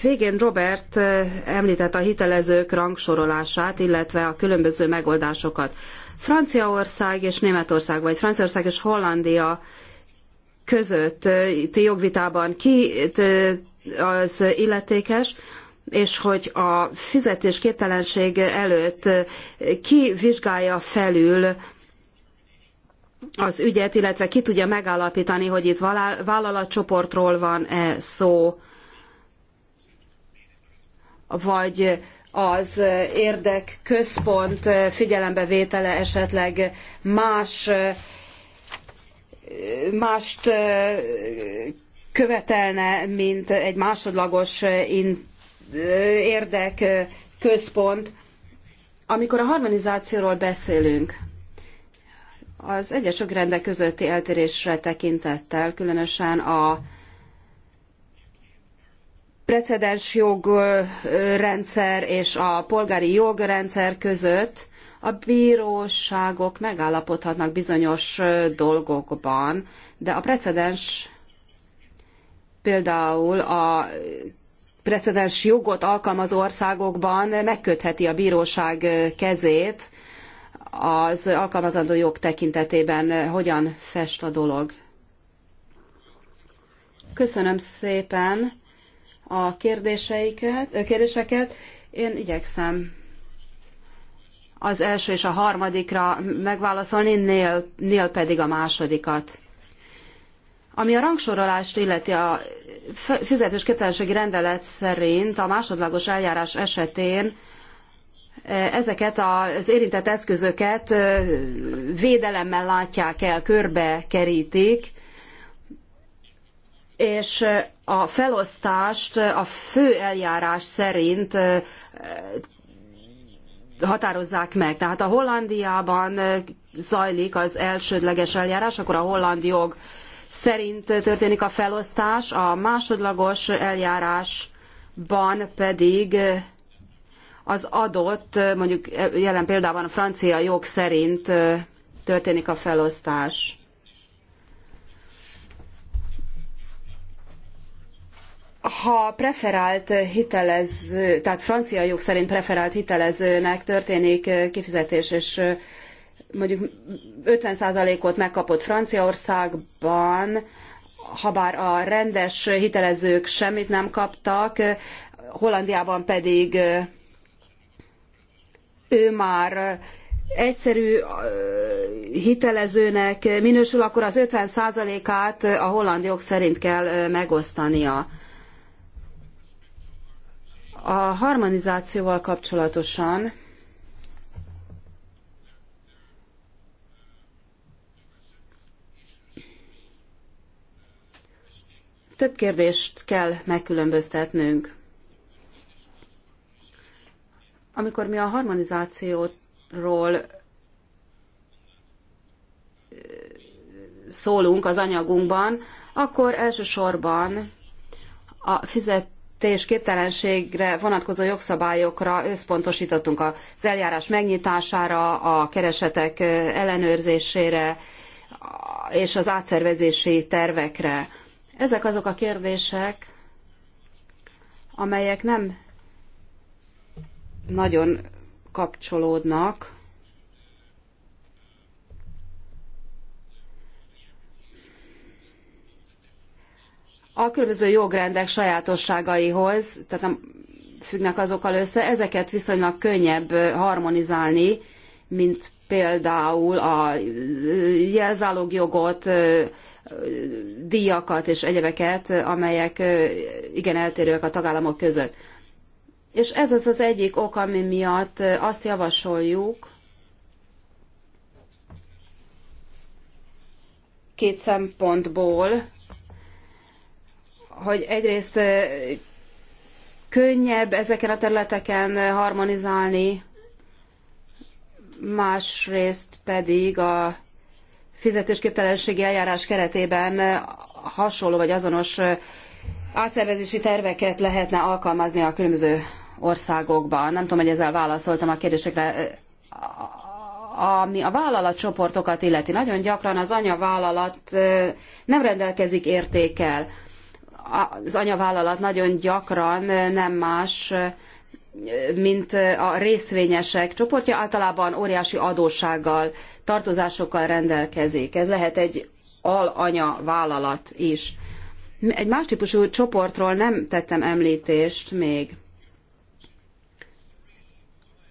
végén Robert említett a hitelezők rangsorolását, illetve a különböző megoldásokat. Franciaország és Németország, vagy Franciaország és Hollandia között ti jogvitában ki az illetékes, és hogy a fizetésképtelenség előtt ki vizsgálja felül az ügyet, illetve ki tudja megállapítani, hogy itt vállalatcsoportról van-e szó, vagy az érdekközpont figyelembevétele esetleg más mást követelne, mint egy másodlagos érdekközpont. Amikor a harmonizációról beszélünk, az egyes jogrendek közötti eltérésre tekintettel, különösen a precedens jogrendszer és a polgári jogrendszer között a bíróságok megállapodhatnak bizonyos dolgokban, de a precedens például a precedens jogot alkalmazó országokban megkötheti a bíróság kezét az alkalmazandó jog tekintetében. Hogyan fest a dolog? Köszönöm szépen a kérdéseiket, kérdéseket. Én igyekszem az első és a harmadikra megválaszolni, Nél, Nél pedig a másodikat. Ami a rangsorolást illeti a fizetős képtelenségi rendelet szerint a másodlagos eljárás esetén ezeket az érintett eszközöket védelemmel látják el, körbe kerítik, és a felosztást a fő eljárás szerint határozzák meg. Tehát a Hollandiában zajlik az elsődleges eljárás, akkor a holland jog szerint történik a felosztás, a másodlagos eljárásban pedig az adott, mondjuk jelen példában a francia jog szerint történik a felosztás. ha preferált hitelező, tehát francia jog szerint preferált hitelezőnek történik kifizetés, és mondjuk 50%-ot megkapott Franciaországban, ha bár a rendes hitelezők semmit nem kaptak, Hollandiában pedig ő már egyszerű hitelezőnek minősül, akkor az 50%-át a holland jog szerint kell megosztania. A harmonizációval kapcsolatosan több kérdést kell megkülönböztetnünk. Amikor mi a harmonizációról szólunk az anyagunkban, akkor elsősorban a fizet teljes képtelenségre vonatkozó jogszabályokra összpontosítottunk az eljárás megnyitására, a keresetek ellenőrzésére és az átszervezési tervekre. Ezek azok a kérdések, amelyek nem nagyon kapcsolódnak a különböző jogrendek sajátosságaihoz, tehát nem függnek azokkal össze, ezeket viszonylag könnyebb harmonizálni, mint például a jelzálogjogot, díjakat és egyebeket, amelyek igen eltérőek a tagállamok között. És ez az az egyik ok, ami miatt azt javasoljuk, két szempontból, hogy egyrészt könnyebb ezeken a területeken harmonizálni, másrészt pedig a fizetésképtelenségi eljárás keretében hasonló vagy azonos átszervezési terveket lehetne alkalmazni a különböző országokban. Nem tudom, hogy ezzel válaszoltam a kérdésekre. Ami a vállalatcsoportokat illeti, nagyon gyakran az anyavállalat nem rendelkezik értékkel az anyavállalat nagyon gyakran nem más, mint a részvényesek csoportja általában óriási adóssággal, tartozásokkal rendelkezik. Ez lehet egy alanya vállalat is. Egy más típusú csoportról nem tettem említést még.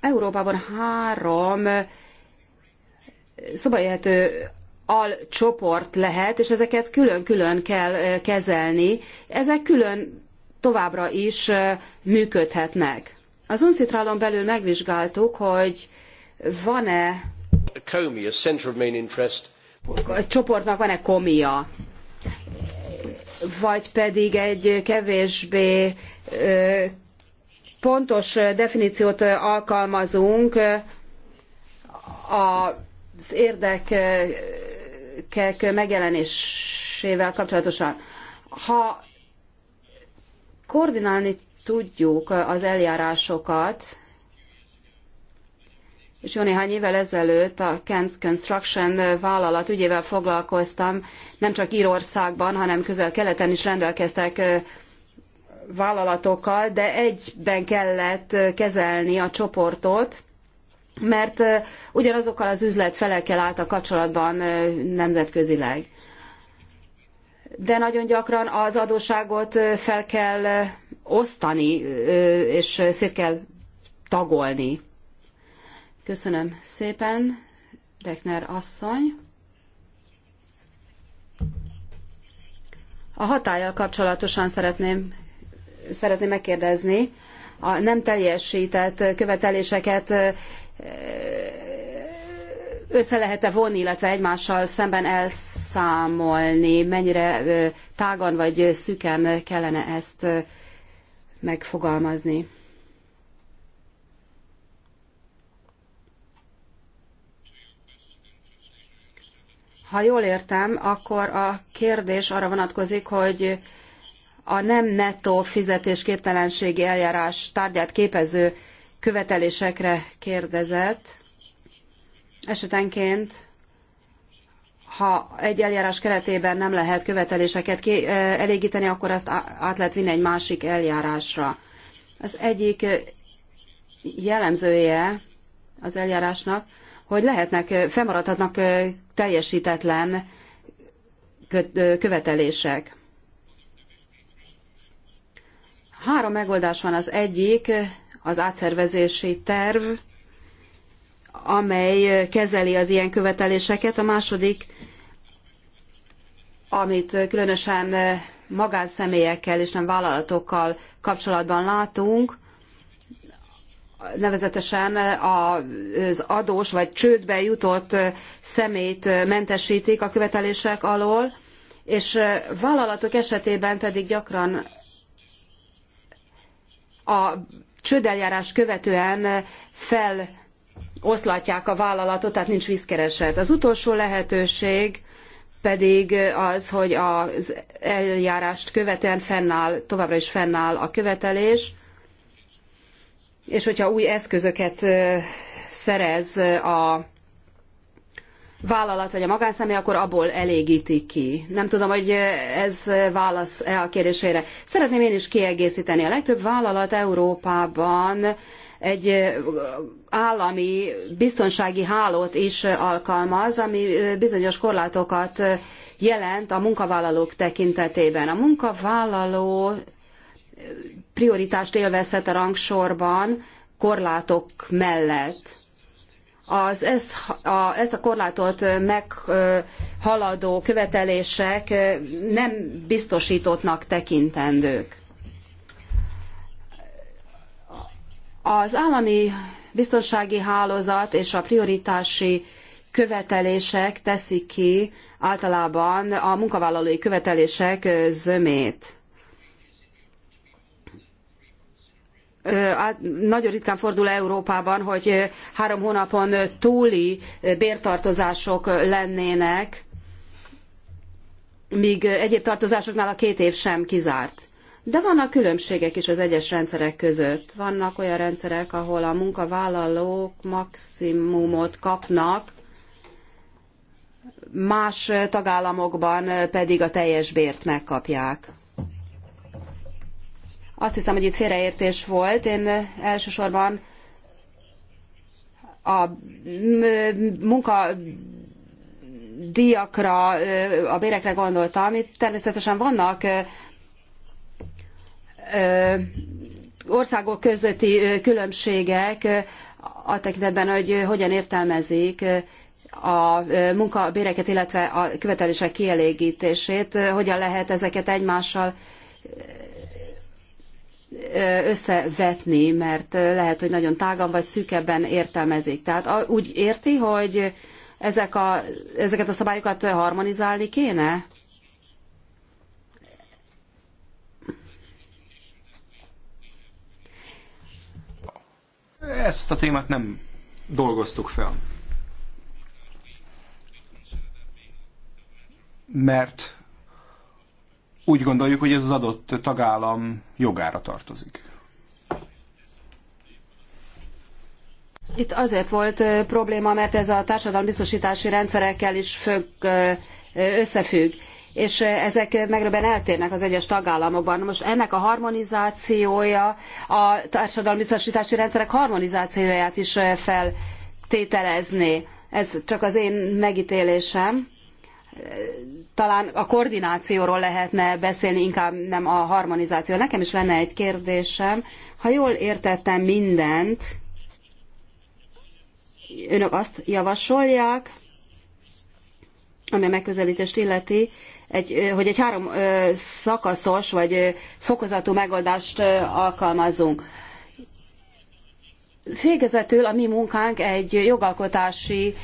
Európában három szobajöhető alcsoport lehet, és ezeket külön-külön kell kezelni. Ezek külön továbbra is működhetnek. Az UNCITRALon belül megvizsgáltuk, hogy van-e csoportnak van-e komia, vagy pedig egy kevésbé pontos definíciót alkalmazunk az érdek termékek megjelenésével kapcsolatosan. Ha koordinálni tudjuk az eljárásokat, és jó néhány évvel ezelőtt a Kent Construction vállalat ügyével foglalkoztam, nem csak Írországban, hanem közel-keleten is rendelkeztek vállalatokkal, de egyben kellett kezelni a csoportot, mert ugyanazokkal az üzletfelekkel állt a kapcsolatban nemzetközileg. De nagyon gyakran az adósságot fel kell osztani, és szét kell tagolni. Köszönöm szépen, Rekner asszony. A hatállyal kapcsolatosan szeretném, szeretném megkérdezni, a nem teljesített követeléseket össze lehet-e vonni, illetve egymással szemben elszámolni, mennyire tágan vagy szüken kellene ezt megfogalmazni. Ha jól értem, akkor a kérdés arra vonatkozik, hogy a nem nettó fizetésképtelenségi eljárás tárgyát képező követelésekre kérdezett. Esetenként ha egy eljárás keretében nem lehet követeléseket elégíteni, akkor azt át lehet vinni egy másik eljárásra. Az egyik jellemzője az eljárásnak, hogy lehetnek, fennmaradhatnak teljesítetlen követelések. Három megoldás van. Az egyik az átszervezési terv, amely kezeli az ilyen követeléseket. A második, amit különösen magánszemélyekkel és nem vállalatokkal kapcsolatban látunk, nevezetesen az adós vagy csődbe jutott szemét mentesítik a követelések alól, és vállalatok esetében pedig gyakran a csődeljárás követően feloszlatják a vállalatot, tehát nincs vízkereset. Az utolsó lehetőség pedig az, hogy az eljárást követően fennáll, továbbra is fennáll a követelés, és hogyha új eszközöket szerez a vállalat vagy a magánszemély, akkor abból elégíti ki. Nem tudom, hogy ez válasz-e a kérdésére. Szeretném én is kiegészíteni. A legtöbb vállalat Európában egy állami biztonsági hálót is alkalmaz, ami bizonyos korlátokat jelent a munkavállalók tekintetében. A munkavállaló prioritást élvezhet a rangsorban korlátok mellett az ezt a, ezt a korlátot meghaladó követelések nem biztosítottnak tekintendők. Az állami biztonsági hálózat és a prioritási követelések teszik ki általában a munkavállalói követelések zömét. nagyon ritkán fordul Európában, hogy három hónapon túli bértartozások lennének, míg egyéb tartozásoknál a két év sem kizárt. De vannak különbségek is az egyes rendszerek között. Vannak olyan rendszerek, ahol a munkavállalók maximumot kapnak, más tagállamokban pedig a teljes bért megkapják. Azt hiszem, hogy itt félreértés volt. Én eh, elsősorban a munka díjakra, eh, a bérekre gondoltam. Itt természetesen vannak eh, országok közötti különbségek a tekintetben, hogy hogyan értelmezik a munkabéreket, illetve a követelések kielégítését, hogyan lehet ezeket egymással összevetni, mert lehet, hogy nagyon tágan vagy szűkebben értelmezik. Tehát úgy érti, hogy ezek a, ezeket a szabályokat harmonizálni kéne? Ezt a témát nem dolgoztuk fel. Mert úgy gondoljuk, hogy ez az adott tagállam jogára tartozik. Itt azért volt probléma, mert ez a társadalombiztosítási rendszerekkel is függ, összefügg, és ezek megröben eltérnek az egyes tagállamokban. Most ennek a harmonizációja, a társadalombiztosítási rendszerek harmonizációját is feltételezné. Ez csak az én megítélésem talán a koordinációról lehetne beszélni, inkább nem a harmonizáció. Nekem is lenne egy kérdésem. Ha jól értettem mindent, önök azt javasolják, ami a megközelítést illeti, egy, hogy egy három szakaszos vagy fokozatú megoldást alkalmazzunk. Végezetül a mi munkánk egy jogalkotási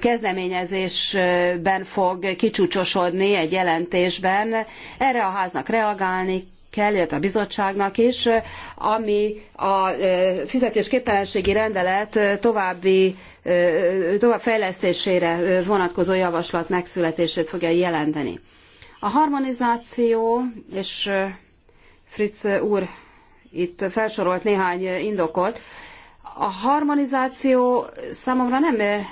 kezdeményezésben fog kicsúcsosodni egy jelentésben. Erre a háznak reagálni kell, illetve a bizottságnak is, ami a fizetésképtelenségi rendelet további továbbfejlesztésére vonatkozó javaslat megszületését fogja jelenteni. A harmonizáció, és Fritz úr itt felsorolt néhány indokot. A harmonizáció számomra nem eh,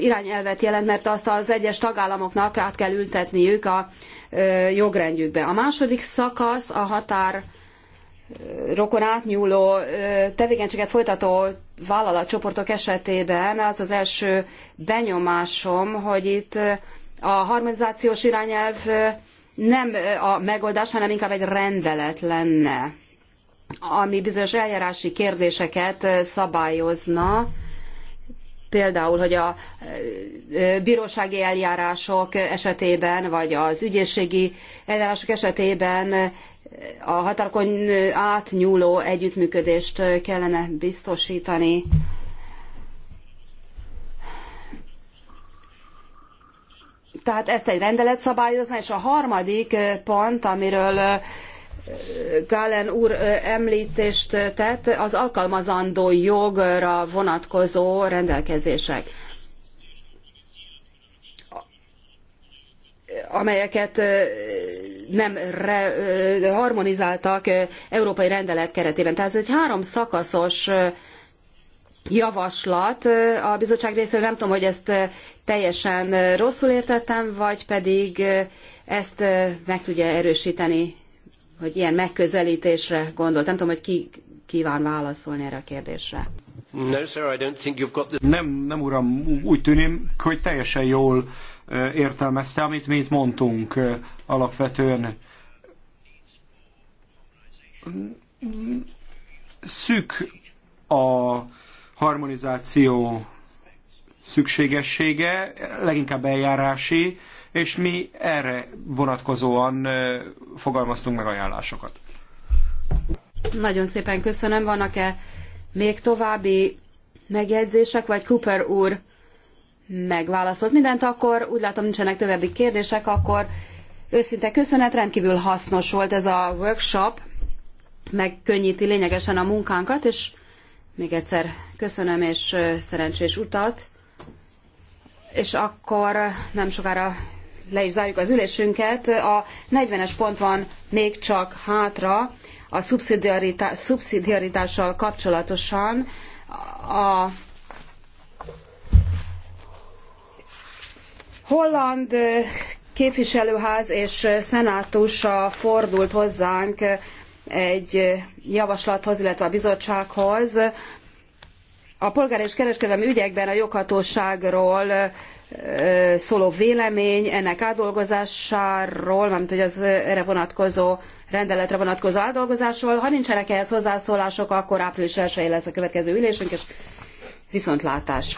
irányelvet jelent, mert azt az egyes tagállamoknak át kell ültetniük a eh, jogrendjükbe. A második szakasz a határ eh, rokon átnyúló tevékenységet folytató vállalatcsoportok esetében az az első benyomásom, hogy itt a harmonizációs irányelv nem a megoldás, hanem inkább egy rendelet lenne, ami bizonyos eljárási kérdéseket szabályozna, például, hogy a bírósági eljárások esetében, vagy az ügyészségi eljárások esetében a határokon átnyúló együttműködést kellene biztosítani. Tehát ezt egy rendelet szabályozna, és a harmadik pont, amiről Gallen úr említést tett, az alkalmazandó jogra vonatkozó rendelkezések. amelyeket nem re, harmonizáltak európai rendelet keretében. Tehát ez egy három szakaszos javaslat a bizottság részéről. Nem tudom, hogy ezt teljesen rosszul értettem, vagy pedig ezt meg tudja erősíteni, hogy ilyen megközelítésre gondolt. Nem tudom, hogy ki kíván válaszolni erre a kérdésre. No, sir, I don't think you've got the... Nem, nem uram, úgy tűnik, hogy teljesen jól értelmezte, amit mi itt mondtunk alapvetően. Szűk a harmonizáció szükségessége, leginkább eljárási, és mi erre vonatkozóan fogalmaztunk meg ajánlásokat. Nagyon szépen köszönöm. Vannak-e még további megjegyzések, vagy Cooper úr megválaszolt mindent, akkor úgy látom nincsenek további kérdések, akkor őszinte köszönet, rendkívül hasznos volt ez a workshop, megkönnyíti lényegesen a munkánkat, és még egyszer köszönöm és szerencsés utat, és akkor nem sokára le is zárjuk az ülésünket. A 40-es pont van még csak hátra a szubszidiaritással kapcsolatosan. A holland képviselőház és szenátusa fordult hozzánk egy javaslathoz, illetve a bizottsághoz, a polgár és kereskedelmi ügyekben a joghatóságról szóló vélemény, ennek átdolgozásáról, mármint hogy az erre vonatkozó rendeletre vonatkozó átdolgozásról. Ha nincsenek ehhez hozzászólások, akkor április 1 lesz a következő ülésünk, és viszontlátás.